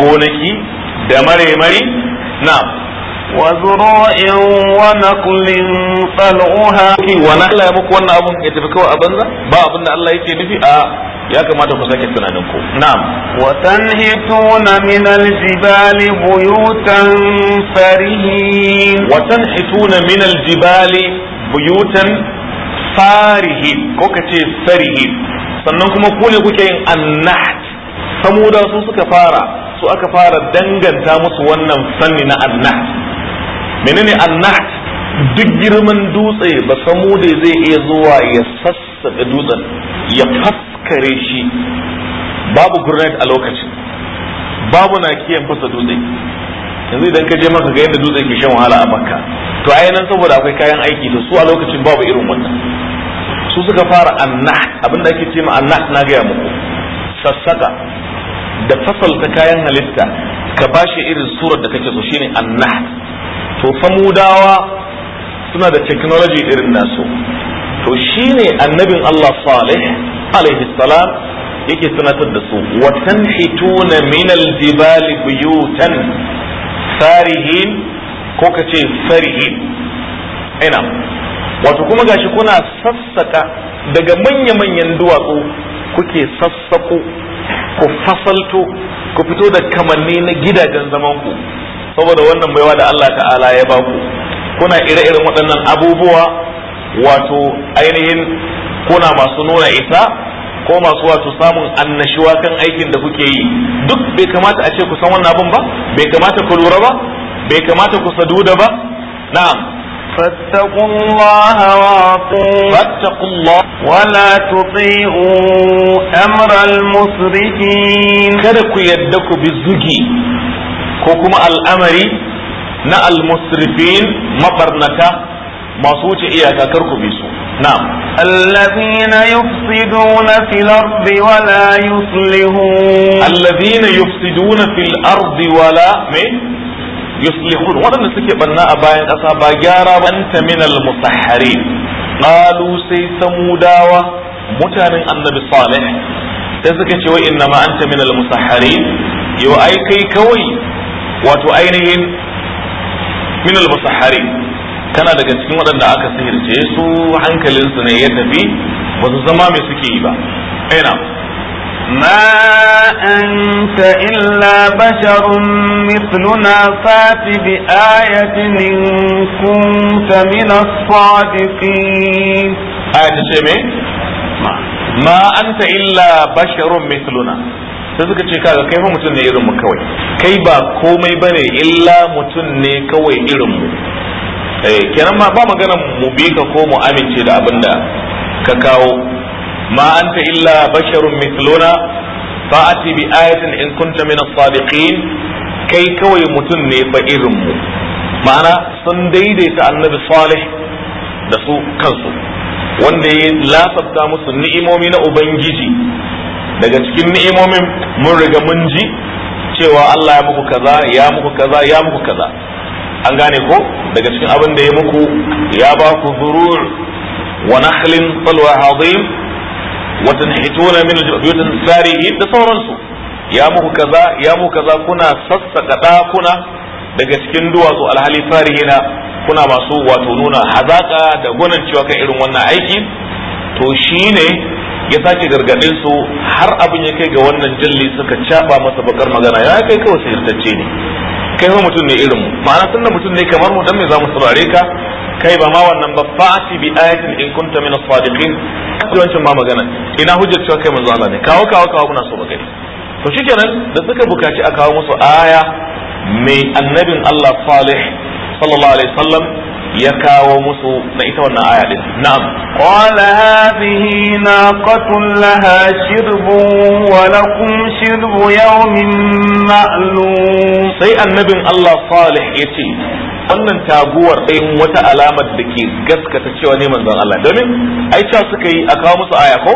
gonaki da mare mari na'am وزروع ونقل طلعها وانا الله يمك وانا ابو يتفكوا ابنزا با ابن الله يكي نفي اه يا كما تكون ساكت تنانكم نعم وتنحتون من الجبال بيوتا فارهين وتنحتون من الجبال بيوتا فارهين كوكتي فارهين sannan kuma ku ne kuke yin annaht samuda su suka fara su aka fara danganta musu wannan fanni na annaht menene annat duk girman dutse ba samu da zai iya zuwa ya sassaɓe dutsen ya faskare shi babu granite a lokacin babu na kiyan fasa dutse yanzu idan ka je maka ga yadda dutse ke shan wahala a makka to ai nan saboda akwai kayan aiki to su a lokacin babu irin wannan su suka fara annat abinda ake ce ma annat na gaya muku sassaka da fasalta kayan halitta ka bashi irin surar da kake so shine annat to samudawa suna da technology irin nasu to shine annabin Allah salih alaihi salam yake sanatar da su wa tanhituna min aljibali buyutan farihin ko kace farihin ina wato kuma gashi kuna sassaka daga manya-manyan duwatsu kuke sassako ku fasalto ku fito da kamanni na gidajen zamanku saboda wannan baiwa da Allah ta'ala ya ba ku kuna ire-iren waɗannan abubuwa wato ainihin kuna masu nuna isa ko masu wato samun annashuwa kan aikin da kuke yi duk bai kamata a ce ku san wannan abin ba bai kamata ku lura ba bai kamata ku saduda ba na'am فاتقوا الله واطيعوا فاتقوا الله ولا تطيعوا امر المسرفين kada ku yadda ku bi zugi ko kuma al'amari na al-musrifin masu wuce iyaka karku bi Na. na'am allazina yufsiduna fil ardi wa la yuslihun allazina yufsiduna fil ardi wa yuslihun wadanda suke banna a bayan ƙasa ba gyara ba anta min al musahharin qalu sai samudawa mutanen annabi salih sai suka ce wa inna ma anta min al musahharin yo ai kawai wato ainihin min al-musahhari kana daga cikin waɗanda aka sihirce su hankalin su ne ya tafi ba su zama mai suke yi ba ina ma illa basharun misluna fati bi ayatin kunta min as-sadiqin ayatin ce me ma illa basharun misluna. sai suka ce kaga kai fa mutum ne irin mu kawai kai ba komai bane illa mutum ne kawai irin mu eh kenan ma ba magana mu bi ka ko mu amince da abin da ka kawo ma anta illa basharun mithluna fa ati bi ayatin in kunta min as-sadiqin kai kawai mutum ne fa irin mu ma'ana sun daidaita annabi salih da su kansu wanda ya lasafta musu ni'imomi na ubangiji daga cikin ni'imomin mun riga mun ji cewa Allah ya muku kaza ya muku kaza ya muku kaza an gane ko daga cikin abin da ya muku ya ba ku zurur wa nakhlin talwa hadim wa tanhituna min buyutin sarihin da sauransu ya muku kaza ya muku kaza kuna sassaka dakuna daga cikin duwatsu alhali farihina kuna masu wato nuna hazaka da gonan cewa kan irin wannan aiki to shine ya sake gargaɗin su har abin ya kai ga wannan jalli suka caba masa bakar magana ya kai kawai sayartacce ne kai ma mutum ne irin mu ma'ana sunna mutum ne kamar mu dan me mu saurare ka kai ba ma wannan ba fa'ati bi ayatin in kunta min as-sadiqin kasuwancin ma magana ina hujjar cewa kai manzo Allah ne kawo kawo kawo muna so magani to shikenan da suka bukaci a kawo musu aya mai annabin Allah Salih sallallahu alaihi wasallam ya kawo musu na ita wannan aya din na'am qala hadhihi naqatun laha shirbu, wa lakum shirbu yawmin ma'lum sai annabin Allah salih yace wannan taguwar ɗayan wata alamar da ke gaskata cewa ne manzon Allah domin ai cewa suka yi a kawo musu aya ko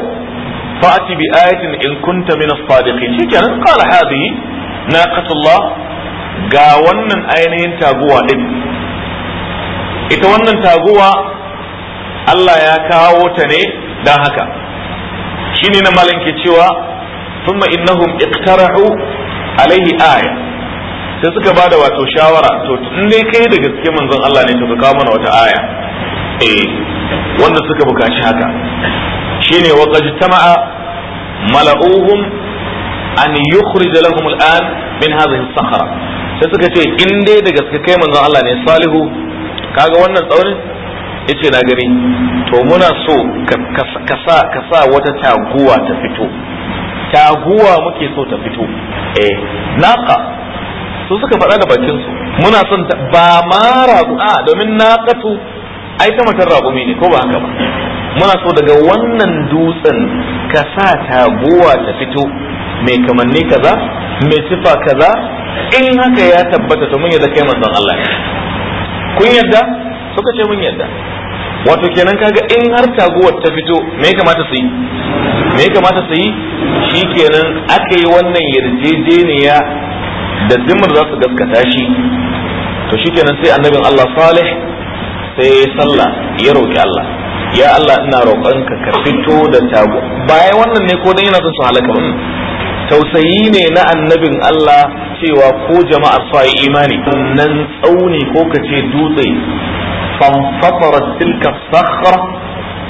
fa'ati bi ayatin in kunta min as-sadiqin shikenan qala hadhihi naqatullah ga wannan ainihin taguwa din ita wannan taguwa Allah ya kawo ta ne dan haka shine na malam cewa thumma innahum iqtara'u alaihi aya sai suka bada wato shawara to in dai kai da gaske manzon Allah ne to ka kawo mana wata aya eh wanda suka bukaci haka shine wa qad tama'a mala'uhum an yukhrij lahum al'an min hadhihi as-sakhra sai suka ce in dai da gaske kai manzon Allah ne salihu kaga wannan tsaunin yace na gani to muna so ka sa ka sa wata taguwa ta fito taguwa muke so ta fito eh naqa su suka faɗa da bakin su muna son ba ma rabu a domin naqatu ai ta matar raƙumi ne ko ba haka ba muna so daga wannan dutsen ka sa taguwa ta fito mai kamanni kaza mai sifa kaza in haka ya tabbata to mun yadda kai manzon Allah kun yadda suka ce mun yadda wato kenan kaga in har taguwar ta fito me ya kamata su yi me ya kamata su yi shikenan aka yi wannan yarjejeniya da zimmar za su gaskata shi to shikenan sai annabin Allah salih sai ya sallah ya roki Allah ya Allah ina roƙonka ka fito da tagu bayan wannan ne ko dan yana son su halaka mun tausayi ne na annabin Allah cewa ko jama'ar sa imani nan tsauni ko kace dutse fanfatarat tilka sakhra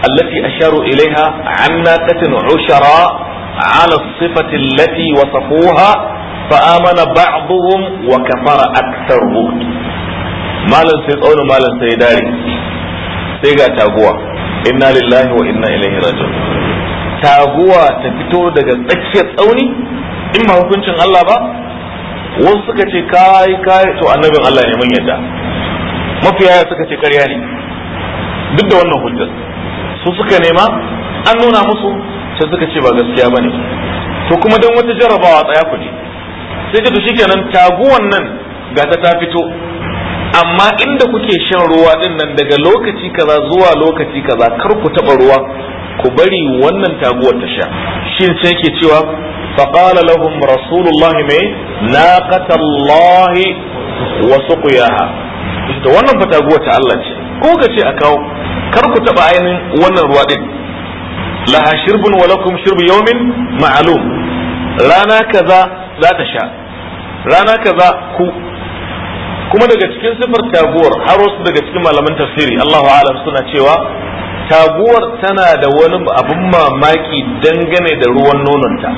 allati asharu ilaiha an naqatin ushara ala sifati allati wasafuha fa'amana amana wa kafara aktharuhum malam sai tsauni malam sai dare sai ga taguwa inna lillahi wa inna ilaihi raji'un taguwa ta fito daga tsakiyar tsauni in ma hukuncin Allah ba wasu suka ce kai kai to annabin Allah ne mun yadda mafiya suka ce karya ne duk da wannan hujjar su suka nema an nuna musu sai suka ce ba gaskiya bane to kuma don wata jarabawa tsaya ku ne sai ka to shikenan taguwan nan ga ta ta fito amma inda kuke shan ruwa din nan daga lokaci kaza zuwa lokaci kaza kar ku taɓa ruwa ku bari wannan taguwar ta sha shin sai yake cewa faqala lahum rasulullahi mai naqatallahi wa suqiyaha to wannan fa taguwar ta Allah ce ko ka ce a kawo kar ku taba ainin wannan ruwa din laha shirbun wa lakum shirbu yawmin ma'lum rana kaza za ta sha rana kaza ku kuma daga cikin sifar taguwar har wasu daga cikin malaman tafsiri Allahu a'lam suna cewa taguwar tana da wani abin mamaki dangane da ruwan nononta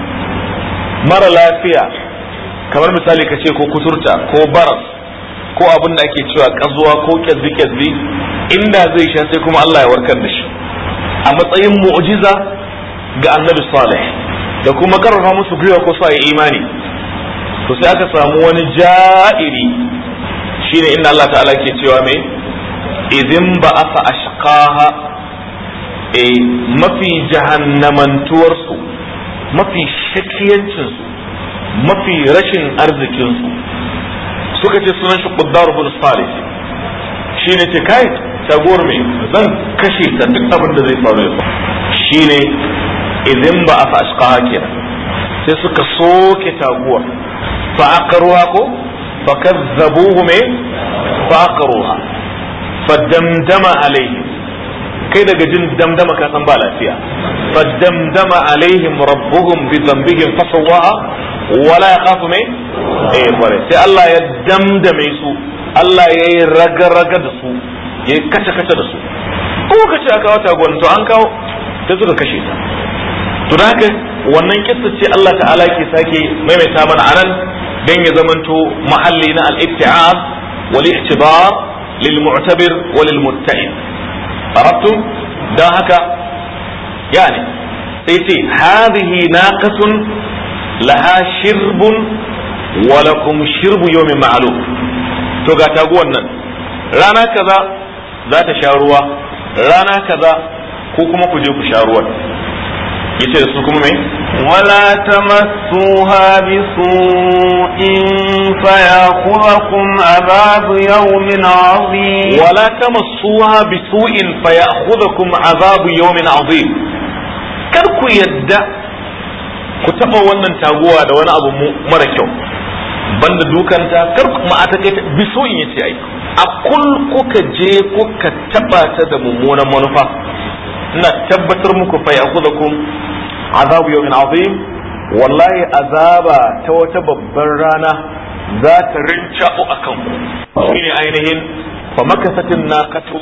mara lafiya kamar misali ka ce ko kuturta ko baras ko abin da ake cewa kazuwa ko kyazbi-kyazbi inda zai sha sai kuma Allah ya warkar da shi a matsayin mu'jiza ga annabi salih da kuma karfafa musu gwiwa ko sa imani to sai aka samu wani ja'iri shine inda Allah ta'ala ke cewa mai, idin ba aka ashqaha e mafi jahannamantuwarsu mafi shakiyancinsu mafi rashin arzikinsu suka ce sunan shi kuddar bin salih shi ne ce kai tagor mai zan kashe ta duk abin da zai faru ya shi ne idan ba a fashka kenan sai suka soke taguwar fa aqaruha ko fa kazzabuhu me fa aqaruha fa damdama alaihim kai daga jin damdama ka san ba lafiya fa damdama alaihim rabbuhum bi dhanbihim fa sawwa'a wala yakhafu min eh kware sai Allah ya damdame su Allah ya yi raga-raga da su ya yi kace-kace da su ko ka ce aka wata gwan to an kawo ta suka kashe ta to da haka wannan kissa ce Allah ta'ala ke sake maimaita mana anan dan ya zamanto mahalli na al-ibtiaz wal ihtibar lil mu'tabir wal mutta'in arabtum dan haka yani sai ce hadhihi naqatun laha shirbun wa lakum shirbu yawmin ma'lum to ga taguwan nan rana kaza za ta sha ruwa rana kaza ko kuma ku je ku sha ruwan yace da su kuma me wala tamassuha bisu'in fayakhudhukum azabu yawmin azim wala tamassuha bisu'in fayakhudhukum azabu yawmin azim kar ku yadda ku taba wannan taguwa da wani abu mara kyau banda dukanta kar kuma a take ta bisu'in yace ai a kul kuka je kuka taba ta da mummunan manufa ina tabbatar muku fa ya'khudhukum azabu yawmin azim wallahi azaba ta wata babban rana za ta rinca'u akan ku shine ainihin fa makasatin naqatu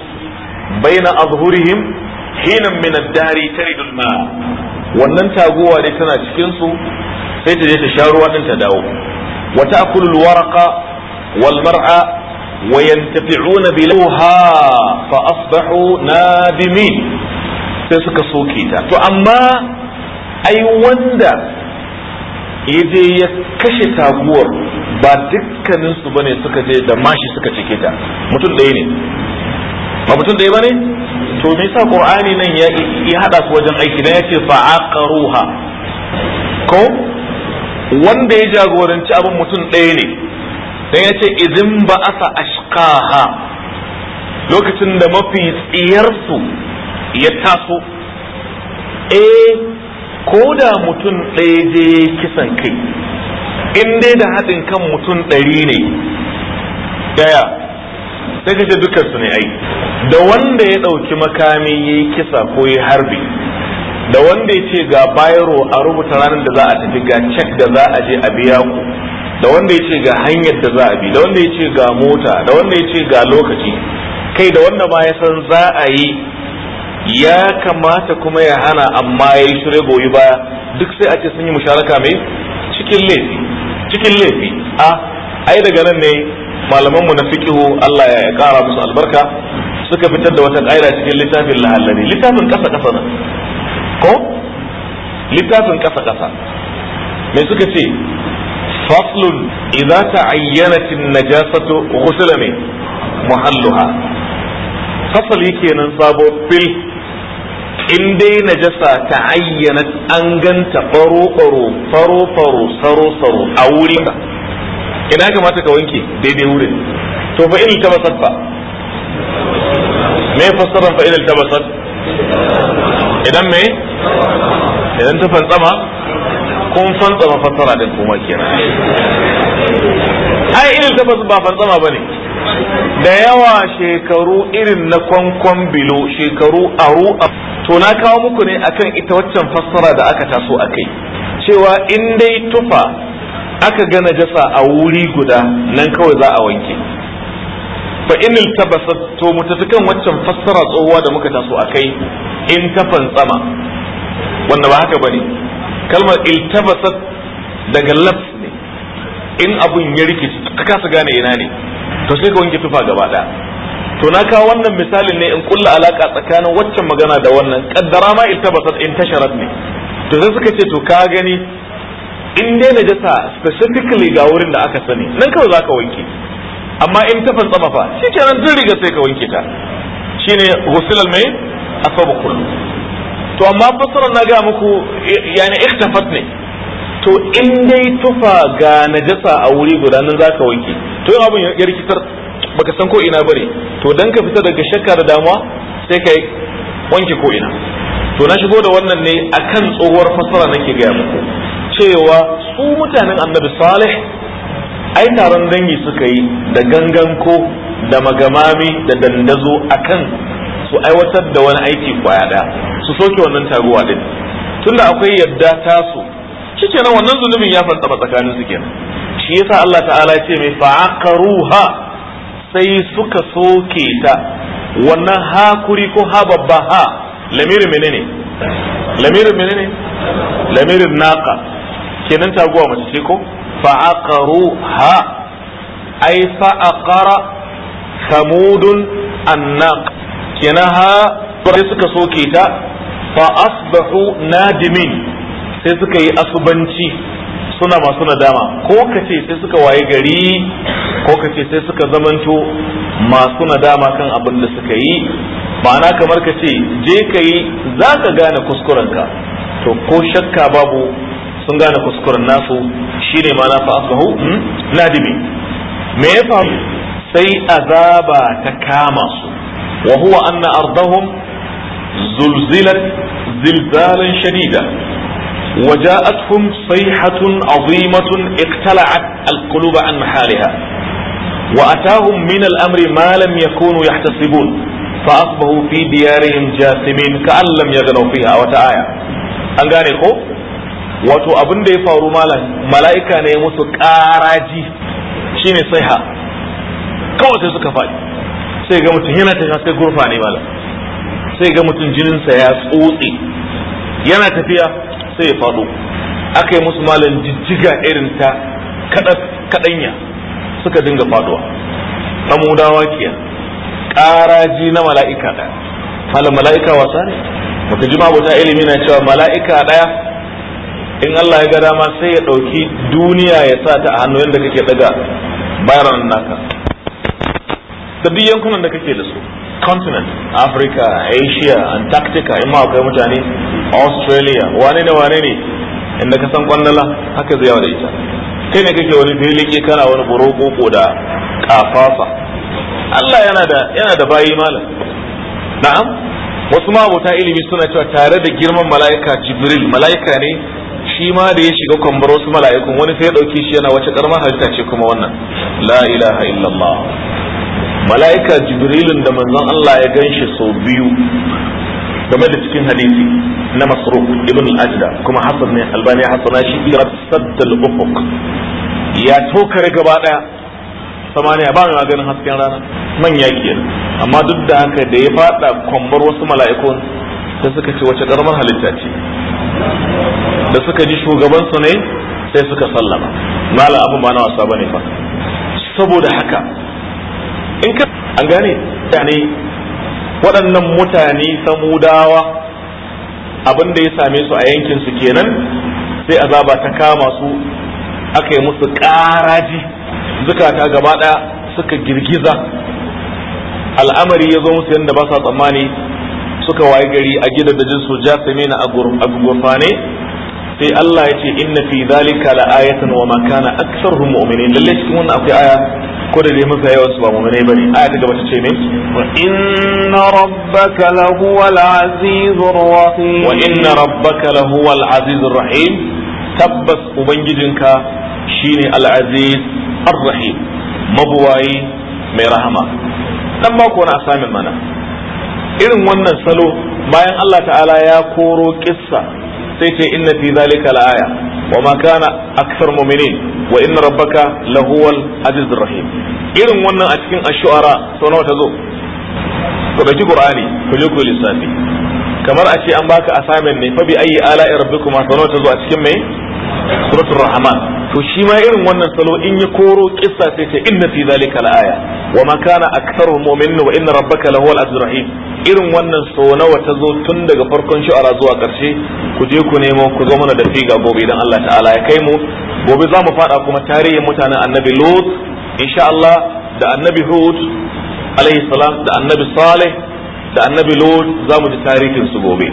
baina azhurihim hinan min ad-dari taridul ma wannan taguwa dai tana cikin su sai ta je ta sha ruwa din ta dawo wa ta'kulul waraqa wal mar'a wa yantafi'una biluha fa asbahu nadimin sai suka soke ta to amma ai wanda je ya kashe taguwar ba dukkanin su bane suka je da mashi suka cike ta mutum ɗaya ne ba mutum ɗaya bane to me yasa qur'ani nan ya ya hada su wajen aiki dan yace fa aqruha ko wanda ya jagoranci abin mutum ɗaya ne dan yace izin ba asa ashqaha lokacin da mafi tsiyarsu ya taso eh ko da mutum ɗaya je kisan kai in dai da haɗin kan mutum ɗari ne daya sai kace dukansu ne ai da wanda ya ɗauki makami ya yi kisa ko ya harbi da wanda ya ce ga bayro a rubuta ranar da za a tafi ga cek da za a je a biya ku da wanda ya ce ga hanyar da za a bi da wanda ya ce ga mota da wanda ya ce ga lokaci kai da wanda ba ya san za a yi ya kamata kuma ya hana amma ya yi shirya goyi baya duk sai a ce sun yi musharaka mai cikin laifi cikin laifi a ai daga nan ne malamanmu na fiqihu Allah ya kara musu albarka suka fitar da wata ƙaira cikin littafin lahallari littafin ƙasa ƙasa nan ko littafin ƙasa ƙasa me suka ce faslun idza ta'ayyanat an-najasatu ghusla min muhalluha fasali kenan sabo fil in dai najasa ta ayyana an ganta faro faro faro faro saro saro a wuri ina kamata ka wanke daidai wurin to fa in ta basar fa me fassara fa in ta basar idan me idan ta fantsama kun fantsama fassara din kuma kenan ai idan ta basar ba fantsama bane da yawa shekaru irin na kwankwan bilo shekaru aru to na kawo muku ne akan ita waccan fassara da aka taso a kai cewa in dai tufa aka gana jasa a wuri guda nan kawai za a wanke fa in iltabasat to mu tafi kan waccan fassara tsohuwa da muka taso a kai in ta fantsama wanda ba haka bane kalmar iltabasat daga labs ne in abun ya rikici ka kasa gane ina ne to sai ka wanke tufa gaba daya to na kawo wannan misalin ne in kulla alaka tsakanin waccan magana da wannan kaddara ma in tabbatar in tasharat ne to sai suka ce to ka gani in dai najasa specifically ga wurin da aka sani nan kawai zaka wanke amma in ta fantsama fa nan duk riga sai ka wanke ta shine ghusl al mayt asabu kullu to amma fassarar na ga muku yani ikhtafat ne to in dai tufa ga najasa a wuri guda nan zaka wanke to yin abin ya rikitar baka san ko ina bare to dan ka fita daga shakka da damuwa sai kai wanke ko ina to na shigo da wannan ne akan tsohuwar fasara nake gaya muku cewa su mutanen annabi salih ai taron dangi suka yi da gangan ko da magamami da dandazo akan su aiwatar da wani aiki kwaya daya su soke wannan taguwa din tunda akwai yadda tasu nan wannan zunubin ya fassara tsakanin su kenan shi yasa Allah ta'ala ya ce mai ha sai suka soke ta wannan hakuri ko ha babba ha lamirin menene lamirin menene lamirin naqa kenan taguwa mace ce ko ha ai fa'akara samudun annaq kenan ha sai suka soke ta fa asbahu nadimin sai suka yi asubanci suna masu nadama ko ka ce sai suka waye gari ko ka ce sai suka zamanto masu nadama kan abin da suka yi ma'ana kamar ka ce je ka yi za ka gane kuskurenka to ko shakka babu sun gane kuskuren nasu shine ma hmm? na fa asbahu nadimi me ya faru sai azaba ta kama su wa huwa anna ardahum zulzilat zilzalan shadida وجاءتهم صيحة عظيمة اقتلعت القلوب عن محالها وأتاهم من الأمر ما لم يكونوا يحتسبون فأصبحوا في ديارهم جاثمين كأن لم يغنوا فيها وتآية أنغاني wato abin da ya faru malam mala'ika ne musu ƙaraji shine ha. kawai sai suka faɗi sai ga mutum yana tafiya sai gurfa ne malam sai ga mutum jininsa ya tsotse yana tafiya sai ya faɗo aka yi musu malam jijjiga irin ta kaɗanya suka dinga faɗuwa samudawa kiya ƙaraji na mala'ika ɗaya malam mala'ika wasa ne Maka jima wata ilimi na cewa mala'ika ɗaya in Allah ya ga dama sai ya ɗauki duniya ya sa ta a hannu yadda kake daga bayaran naka da biyan yankunan da kake da su continent africa asia antarctica in ma akwai mutane australia wane ne wane ne inda ka san kwandala haka zai yawa da ita kai ne kake wani ke kana wani burokoko da kafafa Allah yana da yana da bayi malam na'am wasu ma abota ilimi suna cewa tare da girman mala'ika jibril mala'ika ne shi ma da ya shiga kwambar wasu mala'ikun wani sai ya dauki shi yana wace karma halitta ce kuma wannan la ilaha illallah mala'ika jibrilun da manzon Allah ya ganshi sau biyu game da cikin hadisi na masruq ibn al-ajda kuma hasan ne albani ya hasana shi ira sadd al-ufuq ya tokar gaba daya samaniya ba mai ganin hasken rana manya kenan amma duk da haka da ya fada kwambar wasu mala'ikun sai suka ce wace karamar halitta ce da suka ji shugaban su ne sai suka sallama mala abu ba na wasa bane fa saboda haka in ka an gane yani waɗannan mutane samudawa abin da ya same su a yankin su kenan sai azaba ta kama su aka yi musu ƙaraji zukata gaba ɗaya suka girgiza al'amari ya zo musu yadda ba sa tsammani suka waye gari a da jinsu, jasimina a gurfane sai Allah ya ce inna fi zalika la'ayatan ayatan wa ma kana aktharuhum mu'minin lalle cikin wannan akwai aya ko da dai mafiya yawan su ba mu'minai bane aya ta gaba ta ce me wa inna rabbaka lahuwal azizur rahim wa inna rabbaka lahuwal azizur rahim tabbas ubangijinka shine al-aziz ar-rahim mabuwayi mai rahama dan ba ku wani asamin mana irin wannan salo bayan Allah ta'ala ya koro kissa sai ce inna fi zalika la'aya wa ma kana aksar mu'minin wa inna rabbaka lahuwal azizur rahim irin wannan a cikin ash-shu'ara sau nawa ta zo ku dauki qur'ani ku je ku lissafi kamar a ce an baka assignment ne fa bi ayi ala'i rabbikuma sau nawa ta zo a cikin mai suratul rahman to shi ma irin wannan salo in ya koro kissa sai ce inna fi zalika laaya wa ma kana aktharu mu'minin wa inna rabbaka lahuwal azizur rahim irin wannan so nawa ta zo tun daga farkon shu'ara zuwa karshe ku je ku nemo ku zo mana da figa gobe idan Allah ta'ala ya kai mu gobe za mu fada kuma tarihin mutanen annabi Lut insha Allah da annabi Hud alayhi salam da annabi Saleh da annabi Lut za mu ji tarihin su gobe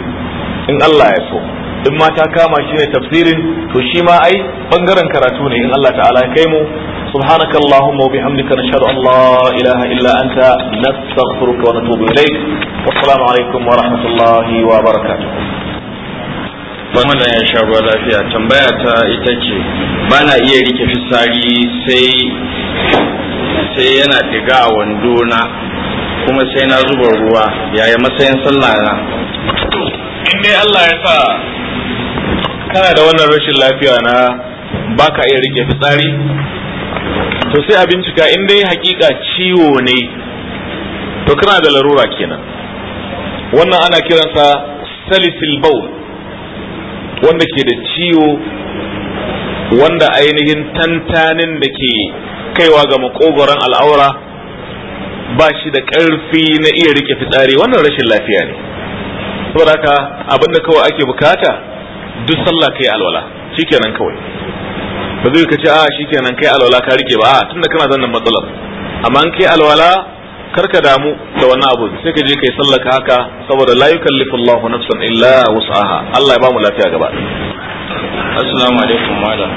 in Allah ya so in ma ta kama shi ne tafsirin to shi ma ai bangaren karatu ne in Allah ta'ala ya kai mu سبحانك اللهم وبحمدك نشهد ان لا اله الا انت نستغفرك ونتوب اليك والسلام عليكم ورحمه الله وبركاته wannan ya sha ruwa lafiya tambaya ta ita ce ba na iya rike fisari sai sai yana diga a wando na kuma sai na zuba ruwa yaya matsayin sallah na in dai Allah ya sa kana da wannan rashin lafiya na baka iya rike fitsari to sai a bincika in dai hakika ciwo ne to kana da larura kenan wannan ana kiransa salisil baul wanda ke da ciwo wanda ainihin tantanin da ke kaiwa ga makogoron al'aura ba shi da ƙarfi na iya rike fitsari wannan rashin lafiya ne saboda haka abinda kawai ake bukata duk sallah kai alwala shikenan kawai ba zai kace a shikenan kai alwala ka rike ba tunda kana zannan matsalar amma an kai alwala karka damu da wannan abu sai ka je kai sallah ka haka saboda la yukallifullahu nafsan illa wus'aha Allah ya ba mu lafiya gaba assalamu alaikum malam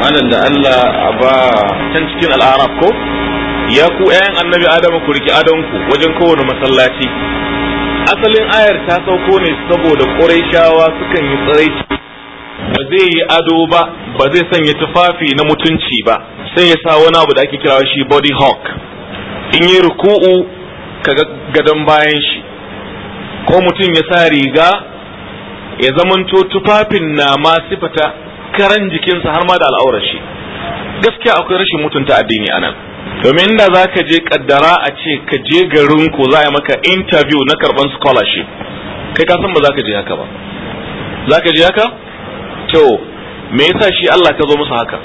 malam da Allah a ba can cikin al'arab ko ya ku ƴaƴan annabi adamu ku riki adonku wajen kowane masallaci asalin ayar ta sauko ne saboda ƙuraishawa sukan yi tsiraici ba zai yi ado ba ba zai sanya tufafi na mutunci ba sai ya sa wani abu da ake kira shi body hawk in yi ruku'u kaga gadon bayan shi ko mutum ya sa riga ya zamanto tufafin na ma sifata karan jikinsa har ma da al'aurashi, gaskiya akwai rashin mutunta addini anan domin da za ka je kaddara a ce ka je garin ku za a maka interview na karban scholarship kai ka san ba za ka je haka ba za ka je haka to me yasa shi Allah ta zo musu haka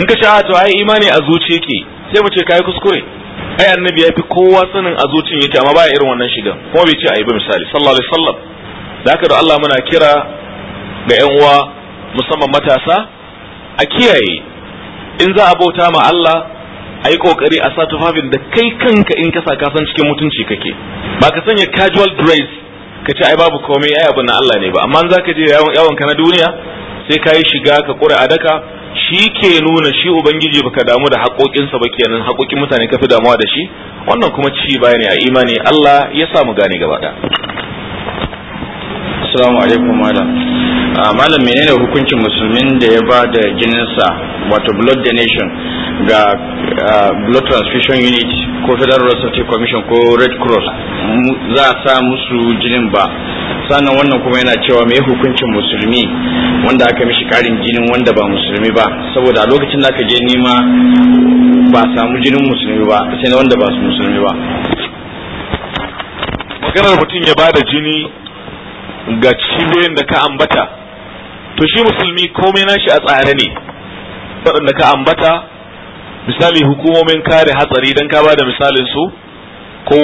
in ka sha ah, to ai imani a zuci ke sai mu ce kai kuskure ai annabi ya fi kowa sanin a zuciyin yake amma baya irin wannan shiga kuma bai ce ayi ba misali sallallahu alaihi wasallam da haka da Allah muna kira ga yan uwa musamman matasa a kiyaye in za a bauta ma Allah a yi kokari a sa tufafin da kai kanka in ka sa ka san cikin mutunci kake ba ka sanya casual dress ka ce ai babu komai ai abu na Allah ne ba amma za ka je yawon yawon ka na duniya sai ka yi shiga ka kura adaka shi ke nuna shi ubangiji baka damu da haƙoƙinsa ba kenan haƙoƙin mutane ka fi damuwa da shi wannan kuma ci baya ne a imani Allah ya sa mu gane gaba ɗaya assalamu alaikum madam malam menene hukuncin musulmin da ya ba da jininsa wato blood donation ga blood transfusion unit ko federal rosati commission ko red cross za a sa musu jinin ba sannan wannan kuma yana cewa mai hukuncin musulmi wanda aka mishi karin jinin wanda ba musulmi ba saboda a lokacin da aka je nema ba samu jinin musulmi ba sai na wanda ba su musulmi ba maganar mutum ya ba da jini ga cibiyoyin da ka ambata to shi musulmi komai nashi a tsare ne waɗanda ka ambata misali hukumomin kare hatsari don ka bada misalin su ko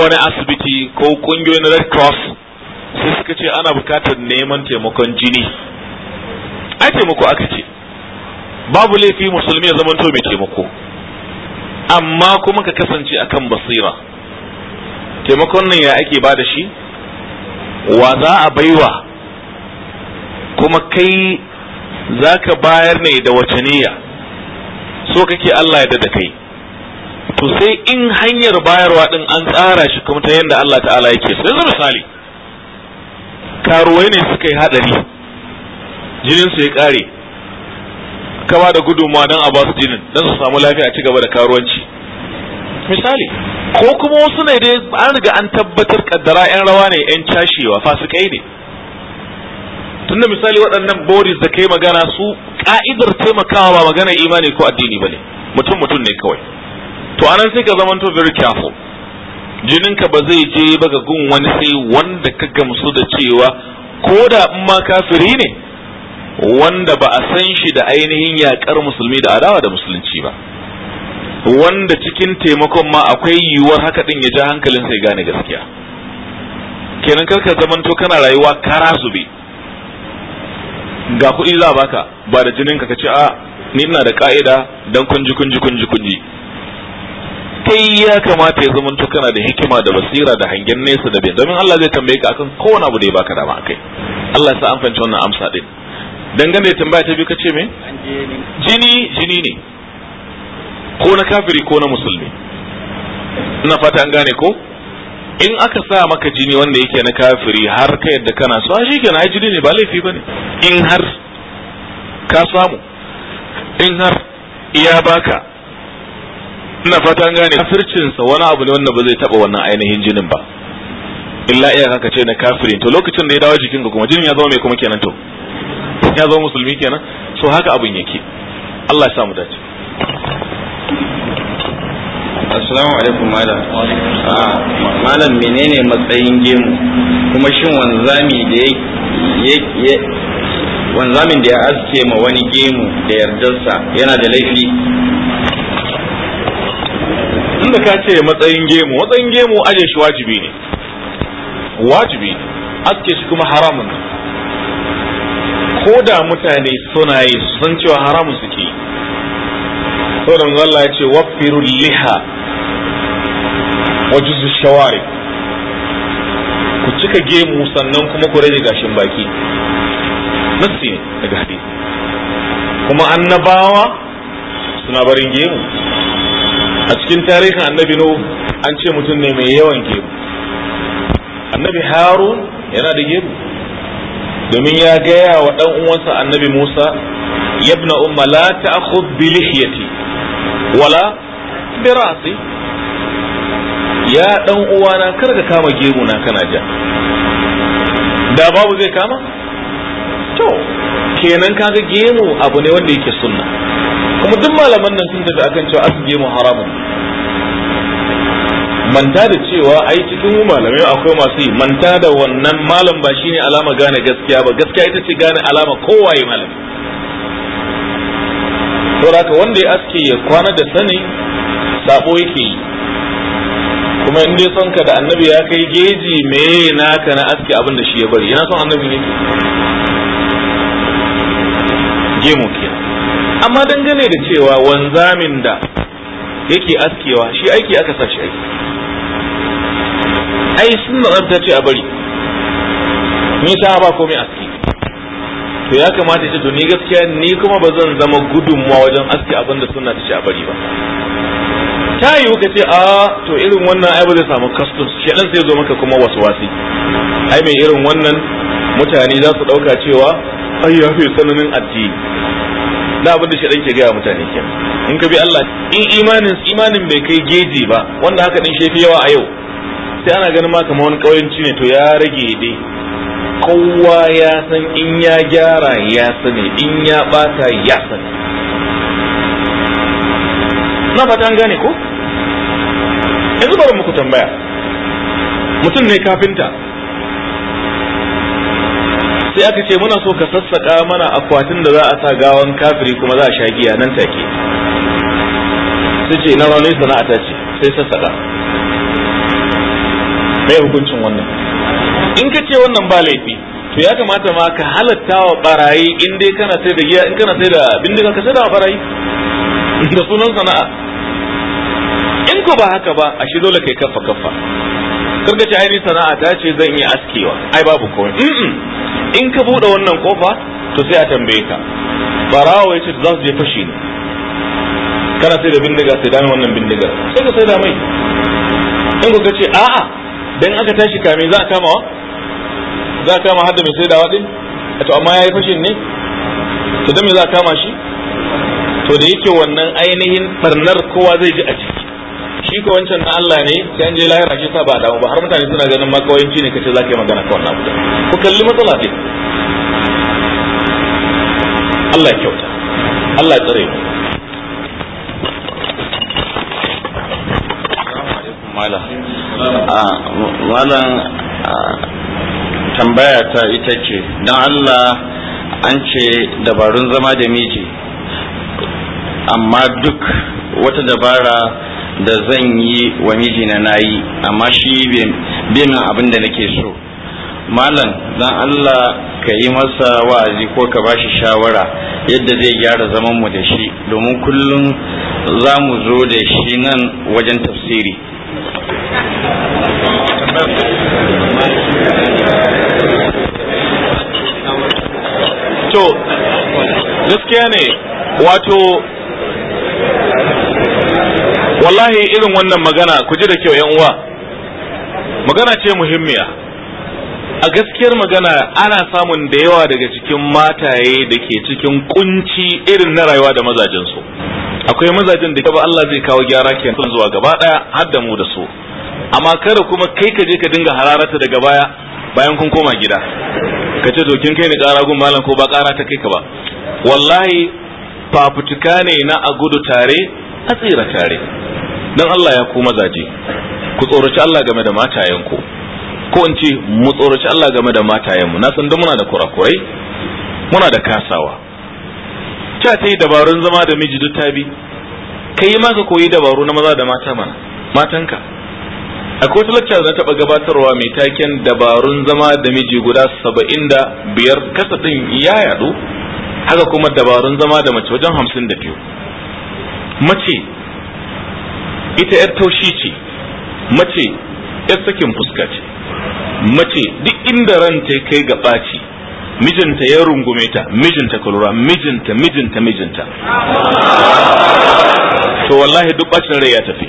wani asibiti ko kungiyoyin red cross sai suka ce ana bukatar neman taimakon jini ai taimako aka ce babu laifi musulmi ya zamanto mai taimako amma kuma ka kasance akan basira taimakon nan ya ake ba da shi wa za a baiwa kuma kai za ka bayar ne da wace niyya so kake Allah ya da kai to sai in hanyar bayarwa din an tsara shi kuma ta yadda Allah ta'ala yake so yanzu misali karuwai ne suka yi hadari jinin su ya kare ka ba da gudunmawa don a basu jinin don su samu lafiya a ci gaba da karuwanci misali ko kuma wasu ne dai an riga an tabbatar kaddara yan rawa ne yan cashewa fasikai ne tun da misali waɗannan bodies da kai magana su ka'idar taimakawa ba magana imani ko addini ba ne mutum mutum ne kawai to anan sai ka zamanto very careful jininka ba zai je ba ga gun wani sai wanda ka gamsu da cewa ko da in ma kafiri ne wanda ba a san shi da ainihin yaƙar musulmi da adawa da musulunci ba wanda cikin taimakon ma akwai yiwuwar haka din ya ja hankalin sai gane gaskiya kenan karka zamanto kana rayuwa kara bi. ga kuɗi za baka ba da jinin ka ce a ni ina da ka'ida dan kunji kunji kunji kunji kai ya kamata ya zama to kana da hikima da basira da hangen nesa da bai domin Allah zai tambaye ka akan kowane abu da ya baka dama akai Allah ya sa an fahimci wannan amsa din dangane ya tambaya ta biyu kace me jini jini ne ko na kafiri ko na musulmi ina fata an gane ko in aka sa maka jini wanda yake na kafiri har ka yadda kana so shi kenan ai jini ne ba laifi bane in har ka samu in har iya baka ina fatan gane kafircin sa wani abu ne wanda ba zai taba wannan ainihin jinin ba illa iya haka ce na kafirin to lokacin da ya dawo jikin ka kuma jinin ya zama mai kuma kenan to ya zama musulmi kenan so haka abun yake Allah ya samu dace assalamu alaikum malam ah, malam menene matsayin gemu kuma shin wanzami da ya wanzamin da ya aske ma wani gemu da yardarsa yana da laifi inda ka ce matsayin gemu matsayin gemu aje shi wajibi ne wajibi ne aske shi kuma haramun ko da mutane suna yi su cewa haramun suke yi saboda Allah ya ce wafirul liha wa shawari ku cika gemu sannan kuma ku rage gashin baki nassi ne daga hadisi kuma annabawa suna barin gemu a cikin tarihin annabi no an ce mutum ne mai yawan gemu annabi harun yana da gemu domin ya gaya wa dan uwansa annabi musa yabna umma la ta'khudh bi lihiyati wala bi ra'si ya dan uwana kar ka kama gemu na kana ja da babu zai kama to kenan kaga gemu abu ne wanda yake sunna kuma duk malaman nan sun tafi akan cewa asu gemu haramun manta da cewa ai cikin malamai akwai masu yi manta da wannan malam ba shine alama gane gaskiya ba gaskiya ita ce gane alama kowaye malam haka wanda ya aske ya kwana da sani sabo yake yi kuma in dai son ka da annabi ya kai geji me naka na aske abin da shi ya bari yana son annabi ne gemu ke amma dangane da cewa wanzamin da yake askewa shi aiki aka sa shi aiki ai sun da ce a bari ni ta ba komai aski to ya kamata ce to ni gaskiya ni kuma ba zan zama gudunmawa wajen aski abin da sunna ta ce a bari ba ta yiwu ka ce a ah, to irin wannan ai ba zai samu customs dan sai zo maka kuma wasu wasi. ai mai irin wannan mutane za su dauka cewa ai ya fi sanannin addini da abin da dan ke gaya mutane ke in ka bi Allah in imanin imanin bai kai geji ba wanda haka din shefi yawa a yau sai ana ganin ma kamar wani kauyanci ne to ya rage dai kowa ya san in ya gyara ya sani in ya bata ya sani na fatan gane ko yanzu bari muku tambaya mutum ne kafinta sai aka ce muna so ka sassaƙa mana akwatin da za a sa gawan kafiri kuma za a sha giya nan take sai ce na ranar sana'a ta ce sai sassaƙa. mai hukuncin wannan in ka ce wannan ba laifi to ya kamata ma ka halatta wa barayi in dai kana sai da giya in kana sai da bindiga ka sai da barayi da sunan sana'a ko ba haka ba ashe dole kai kafa kafa karka ce ainihin sana'a ta ce zan iya askewa ai babu komai in ka buɗe wannan kofa to sai a tambaye ka barawo ya ce za su je fashi ne kana sai da bindiga sai dami wannan bindigar sai ka sai da mai in ka ce a'a dan aka tashi kame za a kama wa za a kama har da mai sai da waɗin to amma ya yi fashin ne to dan me za a kama shi to da yake wannan ainihin farnar kowa zai ji a ciki shi ko wancan na Allah ne sai an je lahira shi sa ba da ba har mutane suna ganin ma kawayanci ne kace zaka yi magana ka wannan ku kalli matsala ce Allah ya kyauta Allah ya tsare mu malam tambaya ta ita ce don Allah an ce dabarun zama da miji amma duk wata dabara da zan yi wa mijina na yi amma shi bai abin da nake so malam dan Allah ka yi masa wa'azi ko ka bashi shawara yadda zai gyara zaman mu da shi domin kullum za mu zo da shi nan wajen tafsiri to gaskiya ne wato wallahi irin wannan magana ku ji da kyau yan uwa magana ce muhimmiya a gaskiyar magana ana samun da yawa daga cikin mataye da ke cikin kunci irin na rayuwa da mazajen su. akwai mazajen da ba Allah zai kawo gyara ke zuwa gaba daya har da mu da su amma kada kuma kai ka je ka dinga hararata daga baya bayan kun koma gida ka ce to kin kai ni kara gun malam ko ba kara ta kai ka ba wallahi fafutuka ne na a gudu tare a tsira tare dan Allah ya ku mazaje ku tsoraci Allah game da matayenku ko in ce mu tsoraci Allah game da matayenmu na san muna da kurakurai muna da kasawa cha ta yi dabarun zama da miji duk tabi kai yi maka koyi dabaru na maza da mata mana matanka akwai wata lacca da taɓa gabatarwa mai taken dabarun zama da miji guda saba'in da biyar kasa ɗin ya yadu haka kuma dabarun zama da mace wajen hamsin da biyu mace ita yar taushi ce mace yar sakin fuska ce mace duk inda ranta ya kai ga ɓaci mijinta ya rungume ta mijinta kalura mijinta mijinta mijinta to wallahi duk bacin rai ya tafi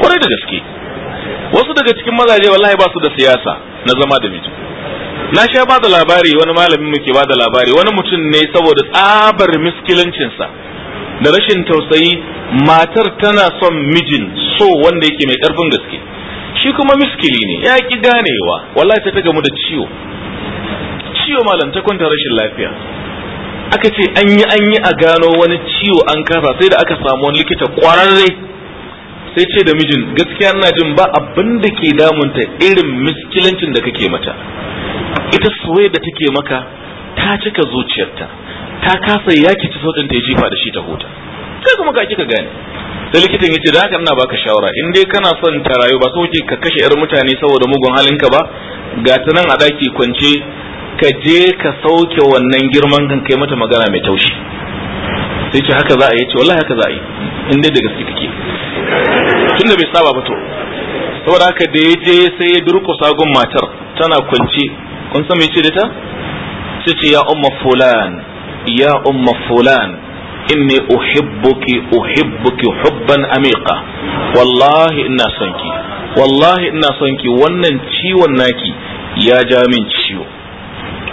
kwarai da gaske wasu daga cikin mazaje wallahi ba su da siyasa na zama da miji na sha ba da labari wani malamin muke ba da labari wani mutum ne saboda tsabar miskilancinsa da rashin tausayi matar tana son mijin so wanda yake mai karfin gaske shi kuma miskili ne ya ki ganewa wallahi ta gamu da ciwo ciwo malam ta kwanta rashin lafiya aka ce an yi an yi a gano wani ciwo an kasa sai da aka samu wani likita kwararre sai ce da mijin gaskiya ina jin ba abin da ke damunta irin miskilancin da kake mata ita soyayya da take maka ta cika zuciyarta ta kasa yaki ta sautin ta ya jifa da shi ta huta Sai kuma ka kika gane sai likitan ya ce da haka ina baka shawara in dai kana son ta rayu ba sauke ka kashe yar mutane saboda mugun halinka ba ga ta nan a daki kwance ka je ka sauke wannan girman kan kai mata magana mai taushi sai ce haka za a yi ce wallahi haka za a yi in dai da gaske kake tunda bai saba ba to saboda haka da ya je sai ya durƙusa gun matar tana kwance kun san me ce da ta sai ce ya umma fulan ya umma fulan inni uhibbuki uhibbuki hubban amiqa wallahi ina son ki wallahi ina son ki wannan ciwon naki ya ja min ciwo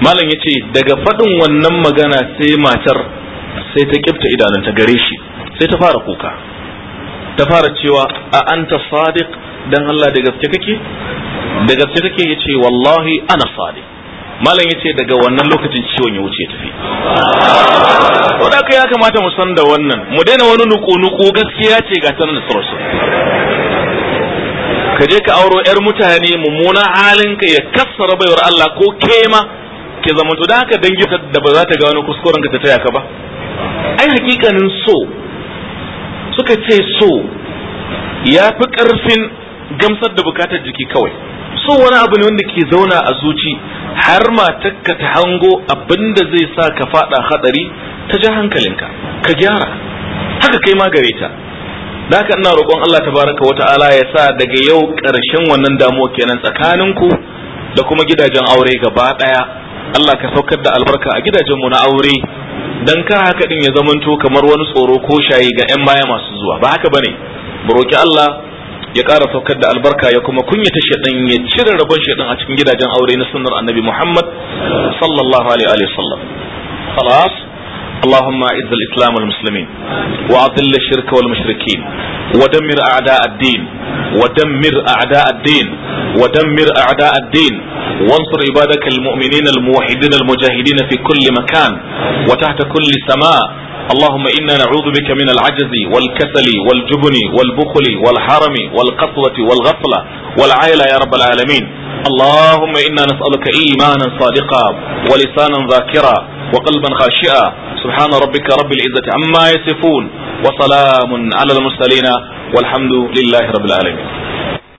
malam yace daga faɗin wannan magana sai matar sai ta kifta idanunta gare shi sai ta fara kuka ta fara cewa a'anta anta sadiq dan Allah da gaske kake da gaske kake yace wallahi ana sadiq malam ya ce daga wannan lokacin ciwon ya wuce tafi wadaka ya kamata mu san da wannan mu daina wani nuku-nuku gaskiya ce ga tanan da sarsu ka je ka auro yar mutane mummuna halin ka ya kassara rabaiwar Allah ko kema ke zamanto da haka dangi da ba za ta ga wani kuskuren ka ta taya ka ba ai hakikanin so suka ce so ya fi karfin gamsar da bukatar jiki kawai so wani abu ne wanda ke zauna a zuci har matakka ta hango abinda zai sa ka fada hadari ta ja hankalinka ka gyara haka kai ma gare ta haka ina roƙon Allah tabaraka wa ya sa daga yau ƙarshen wannan damuwa kenan tsakaninku da kuma gidajen aure gaba ɗaya Allah ka saukar da albarka a gidajen mu na aure dan ka haka din ya zamanto kamar wani tsoro ko shayi ga 'yan baya masu zuwa ba haka bane mu roki Allah ya ƙara saukar da albarka ya kuma kunyata shaidan ya cire rabon shaidan a cikin gidajen aure na sunnar annabi Muhammad sallallahu alaihi wa sallam خلاص اللهم اعز الاسلام والمسلمين واذل الشرك والمشركين ودمر اعداء الدين ودمر اعداء الدين ودمر اعداء الدين وانصر عبادك المؤمنين الموحدين المجاهدين في كل مكان وتحت كل سماء اللهم إنا نعوذ بك من العجز والكسل والجبن والبخل والحرم والقسوة والغفلة والعيلة يا رب العالمين اللهم إنا نسألك إيمانا صادقا ولسانا ذاكرا وقلبا خاشئا سبحان ربك رب العزة عما يصفون وسلام على المرسلين والحمد لله رب العالمين